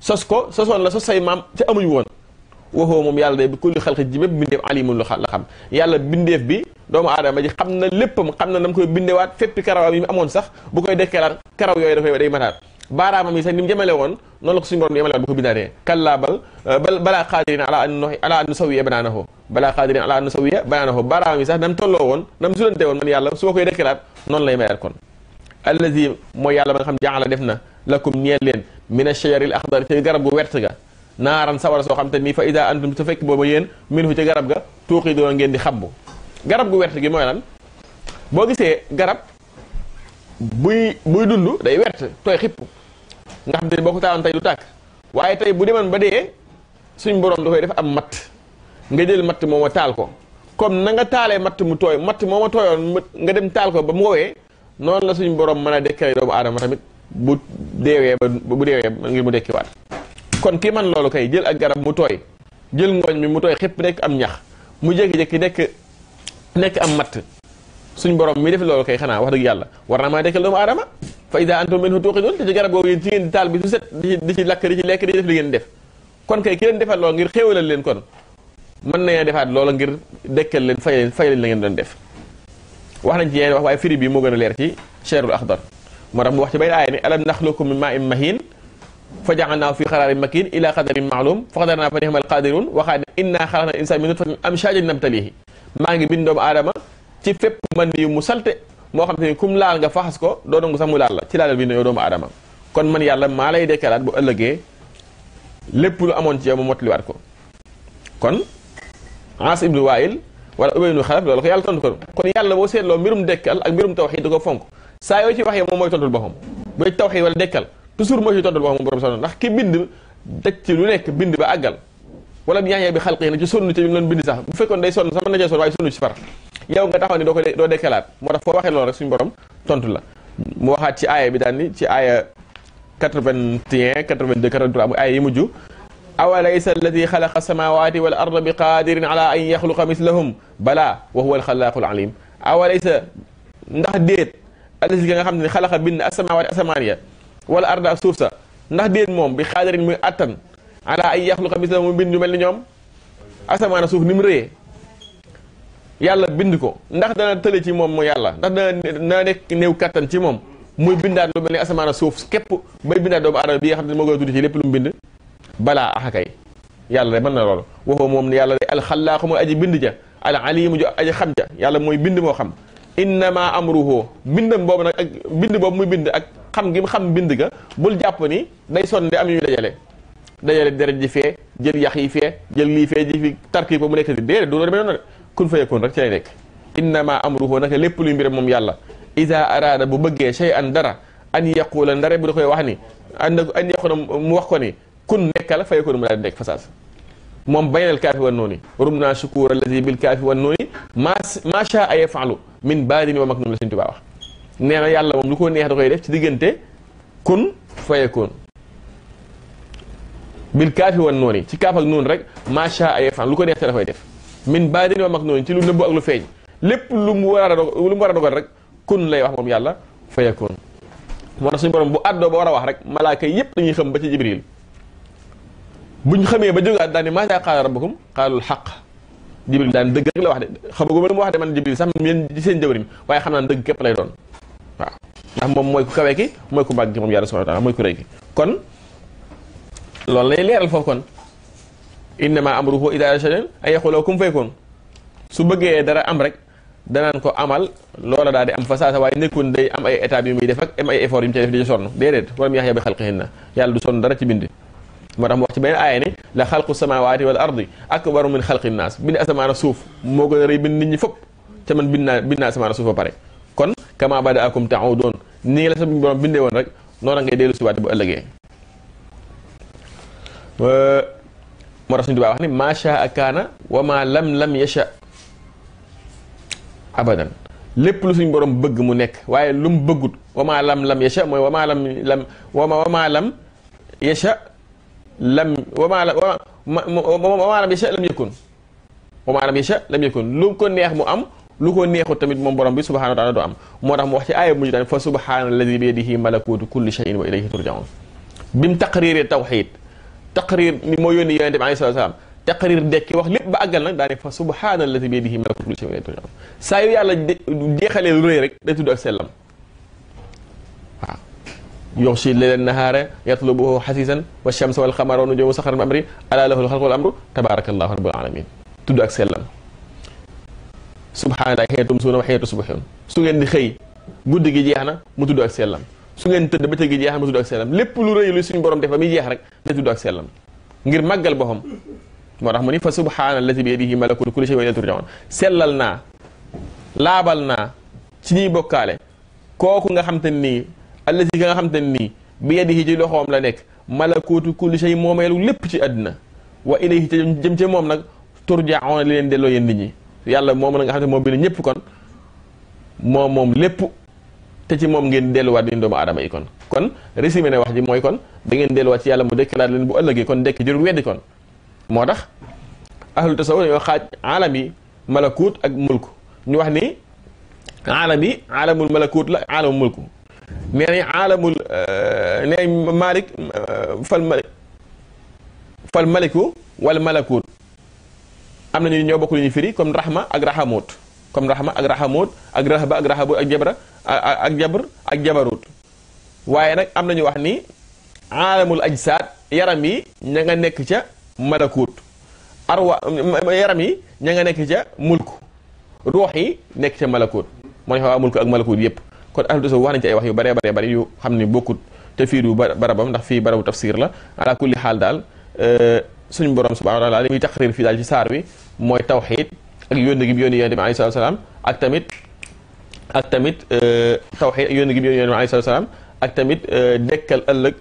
S2: سسكو سسون لسوس سيمام تأمي وان waxoo moom yàlla day bi kulli xalqi ji bépp bindeef la xam yàlla bindeef bi doomu aadama ji xam na léppam xam na nam koy bindewaat féppi karawam yi mu amoon sax bu koy dekkeelaat karaw yooyu dafay day mataat baaraamam yi sax ni mu jëmale woon noonu la ko suñu borom yemale woon bu ko bindaatee kallaa bal euh, bal balaa qaadirin ala an ala an nusawiya banaanahu balaa qaadirin ala an nusawiya banaanahu yi sax nam tolloo woon nam sulante woon man yàlla su ma koy dekkeelaat noonu lay mayaat kon allazi mooy yàlla ba nga xam jaala def na lakum ñeel leen min ash-shajaril axdar ci garab gu naaran sawara so xamanteni fa ida antum te fekk booba yéen minhu ci garab ga tuqi do ngeen di xabbu garab gu wert gi moy lan bo gisee garab buy buy dundu day wert toy xip nga xam te ni boo ko du tak waye tay bu demen ba de suñ borom da koy def am mat nga jël mat moma tal ko comme na nga talé mat mu toy mat moma tooyoon nga dem tal ko ba mu woowee non la suñ borom mën a do adam tamit bu bu ngir mu kon kii man loolu kay jël ak garab mu tooy jël ngooñ mi mu tooy xëpp nekk am ñax mu jékki-jékki nekk nekk am matt suñ borom mi def loolu kay xanaa wax dëgg yàlla war na maa dekkal doomu aadama fa ida antum minhu tuuqiduun te ci garab googu yéen taal bi su set di ci lakk di ci lekk di def li ngeen def kon kay ki leen defal loolu ngir xéewalal leen kon mën na nañoo defaat loola ngir dekkal leen fay leen fay la ngeen doon def wax nañ ci yeneen wax waaye firi bi moo gën a leer ci cherul axdar moo tax bu wax ci bay aaya ni alam naxlukum fa ja'alnaahu fi qaraarin makiin ilaa qadarin ma'luum fa qadarnaa fa ni'mal qaadiruun waxaa ne innaa xalaqnal insaana min nutfatin amshaajin nabtaliihi maa ngi bind doomu aadama ci fépp man yu mu salte moo xam te ni laal nga faxas ko doo nangu sax laal la ci laalal bind yow doomu aadama kon man yàlla maa lay dekkalaat bu ëllëgee lépp lu amoon ci yow mu mottaliwaat ko kon Aas ibnu Waayil wala Ubay ko yàlla tontu ko kon yàlla boo seetloo mbirum dekkal ak mbirum tawxiid da ko fonk saa yoo ci waxee moom mooy tontul boppam bu tawxiid wala dekkal تسور ماشي تدل بهم برب سنة نحكي بند تكتي لونك بند بأجل ولا بيعني بخلقه يعني تسور نتجمع لون بند سهم فيكون ده يسون سامن نجاسون واي سون يسفر يا وقت ده هني دوكل دوكل كلام مرة فوق واحد لون رسمي برام تنتلا مو هات شيء آية بيداني شيء آية كتربن تيه كتربن دكتور درام آية موجو أوليس الذي خلق السماوات والأرض بقادر على أن يخلق مثلهم بلى وهو الخلاق العليم أوليس نحديت الذي كان خلق بين السماوات السماوية wala arda suuf sa ndax déet moom bi xaadarin muy attan ala ay yaxluqa misla mu bind ñu mel ni ñoom asamaan suuf ni mu rëyee yàlla bind ko ndax dana tële ci moom mu yàlla ndax dana nekk néew kattan ci moom muy bindaat lu mel ni asamaan suuf képp bay bindaat doomu aadama bi xam ne moo ci lépp lu mu bind balaa yàlla rek na loolu waxoo moom yàlla de alxallaaxu mooy aji bind ja al mu jo aji xam ja yàlla mooy bind moo xam innama amruhu bindam boobu nag ak bind boobu muy bind ak xam gi mu xam mbind ga bul jàpp ni day sonde am yu ñu dajale dajale deret ji jël yax yi fee jël lii fee ji fi tarki ko mu nekk si déedéet du loolu demee noonu kun fayakoon rek ci lay nekk innama amruhu naka lépp luy mbir moom yàlla isa araada bu bëggee shay'an dara an yaqula ndare bu da koy wax ni an an mu wax ko ni kun nekkal fayakoon mu daal di nekk fasaas moom baynal kaafi wan nooni rum naa shukuur allazi bil kaafi wan nooni ma ma shaa yafaalu min la suñ nee na yàlla moom lu ko neex da koy def ci diggante kun fayakoon bil kaafi wan noonu ci kaaf ak noonu rek macha ay fan lu ko neex te koy def min baadin wa mag noonu ci lu nëbbu ak lu feeñ lépp lu mu war a dogal war a rek kun lay wax moom yàlla fayakoon moo tax suñu borom bu àddoo ba war a wax rek malaaka yépp dañuy xam ba ci jibril buñ xamee ba jógaat daal ne maa qaala rabbukum qaalul xaq daan dëgg rek la wax de xamaguma lu mu wax de man jibril sax yéen seen jawriñ waaye xam naa dëgg képp lay doon waaw ndax moom mooy ku kawe ki mooy ku màgg ki moom yàlla subhanahu wa taala mooy ku rëy ki kon loolu lay leeral foofu kon innama amruhu ida shay'in ay yaqulu kun fayakun su bëggee dara am rek danaan ko amal loola daal di am fa saasa waaye nekkul day am ay étapes yu muy def ak am ay effort yu mu cay def di ci sonn déedéet wala mu yaxya bi xalqihinna yàlla du sonn dara ci bind moo tax mu wax ci benn aaya ne la xalqu samawaati wal ardi akbaru min xalqi naas bind asamaan a suuf moo gën a rëy bind nit ñi fop te man bind naa bind naa asamaan a suuf ba pare kon kama bada akum taudun nii la suñu borom bindee woon rek noonu ngay dellu si waate bu ëllëgee moo tax suñu Tuubaa ni maa shaa kaana wa maa lam lam yasha abadan lépp lu suñu borom bëgg mu nekk waaye lu mu bëggut wa maa lam lam yasha lam lam wa ko neex mu am لوكو نيهو تاميت موم بروم بي سبحانه وتعالى دو ام موتاخ مو واخ سي ايه فسبحان الذي بيده ملكوت كل شيء واليه ترجعون بيم تقرير التوحيد تقرير مو يوني يونت عليه الصلاه والسلام تقرير ديك واخ ليب با اغال نك داني فسبحان الذي بيده ملكوت كل شيء واليه ترجعون سايو يالا ديخالي روي ريك دا تودو سلام يغشي الليل النهار يطلبه حسيسا والشمس والقمر ونجوم سخر من امره الا له الخلق والامر تبارك الله رب العالمين تودو سلام subhaanallahi xeetu tumsuuna wa xeetu subhuun su ngeen di xëy guddi gi jeex na mu tudd ak sellam su ngeen tëdd bëccëg gi jeex na mu tudd ak sellam lépp lu rëy lu suñu borom def ba muy jeex rek day tudd ak sellam ngir màggal boppam moo tax mu ni fa subhaanallazi bi yadihi malakuutu kulli shay'in turjaun sellal naa laabal naa ci ñuy bokkaale kooku nga xam te nii allazi ka nga xam te nii bi yadihi ci loxoom la nekk malakuutu kulli shay moomeelu lépp ci àddina wa ilayhi jëm ca moom nag turjaun li leen delloo yéen nit ñi yàlla mom nga xamne mom bi ñëpp kon mom mom lépp te ci mom ngeen delu wat ni doomu aadama yi kon kon résumé ne wax ji moy kon da ngeen delu wat ci yàlla mu dekkalaat leen bu ëllëgé kon dekk jërul weddi kon motax tax ahlu tasawuf dañoo xaaj alam yi ak mulku ñu wax ni alami alamul malakut la alamul mulku nee nañ alamul ne malik fal malik fal maliku wal malakut am nañu ñoo bokk lu ñuy firi comme rahma ak rahamut comme rahma ak rahamut ak rahba ak rahabut ak jabra ak jabr ak jabarut waaye nag am nañu wax ni aalamul ajsaad yaram yi ña nga nekk ca malakut arwa yaram yi ña nga nekk ca mulk ruux yi nekk ca malakut moo ñu xawaa mulk ak malakut yépp kon ahlu tasawuf wax nañ ci ay wax yu baree baree bari yu xam ne bokkut te fii du barabam ndax fii barabu tafsir la ala kulli xaal daal euh, suñu borom subhanahu wa taala li muy taqrir fii daal ci saar bi mooy tawxiid ak yónni gi yónni yonent bi alayhi salaatu salaam ak tamit ak tamit euh, tawxiid ak yónni gi yónni yonent bi alayhi salaatu ak tamit euh, dekkal ëllëg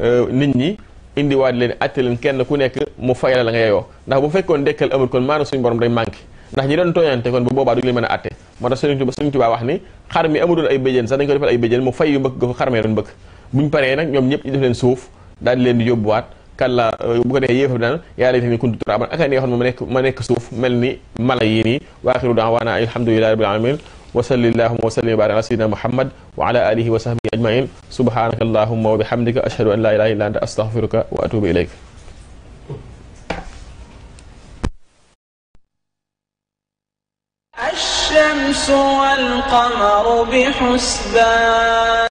S2: euh, nit ñi indiwaat leen atte leen kenn ku nekk mu fayal la nga yeyoo ndax bu fekkoon dekkal amul suñu borom day manqué ndax ñi doon tooñante kon bu boobaa du a wax ni xar mi amudoon ay bëjën sax dañ ko defal ay bëjën mu fay yu mbëkk ga fa xar mee doon mbëkk buñ paree nag ñoom ñëpp ñu def leen suuf daal di leen di yóbbuwaat كلا بوكو دي ييفو دان يالا تي نكون ترابان اكا ني خون ما نيك ما نيك سوف ملني ملاييني واخر دعوانا الحمد لله رب العالمين وصلى الله وسلم على سيدنا محمد وعلى اله وصحبه اجمعين سبحانك اللهم وبحمدك اشهد ان لا اله الا انت استغفرك واتوب اليك
S1: الشمس والقمر بحسبان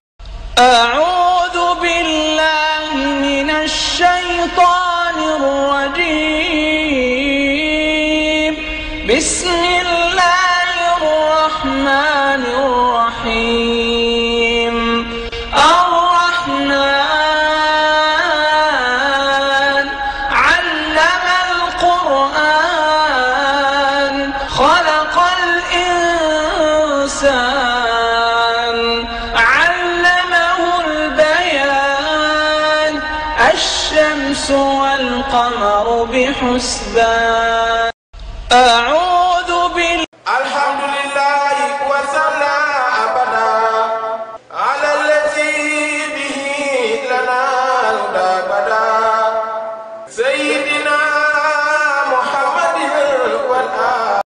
S1: أعوذ 断了梦。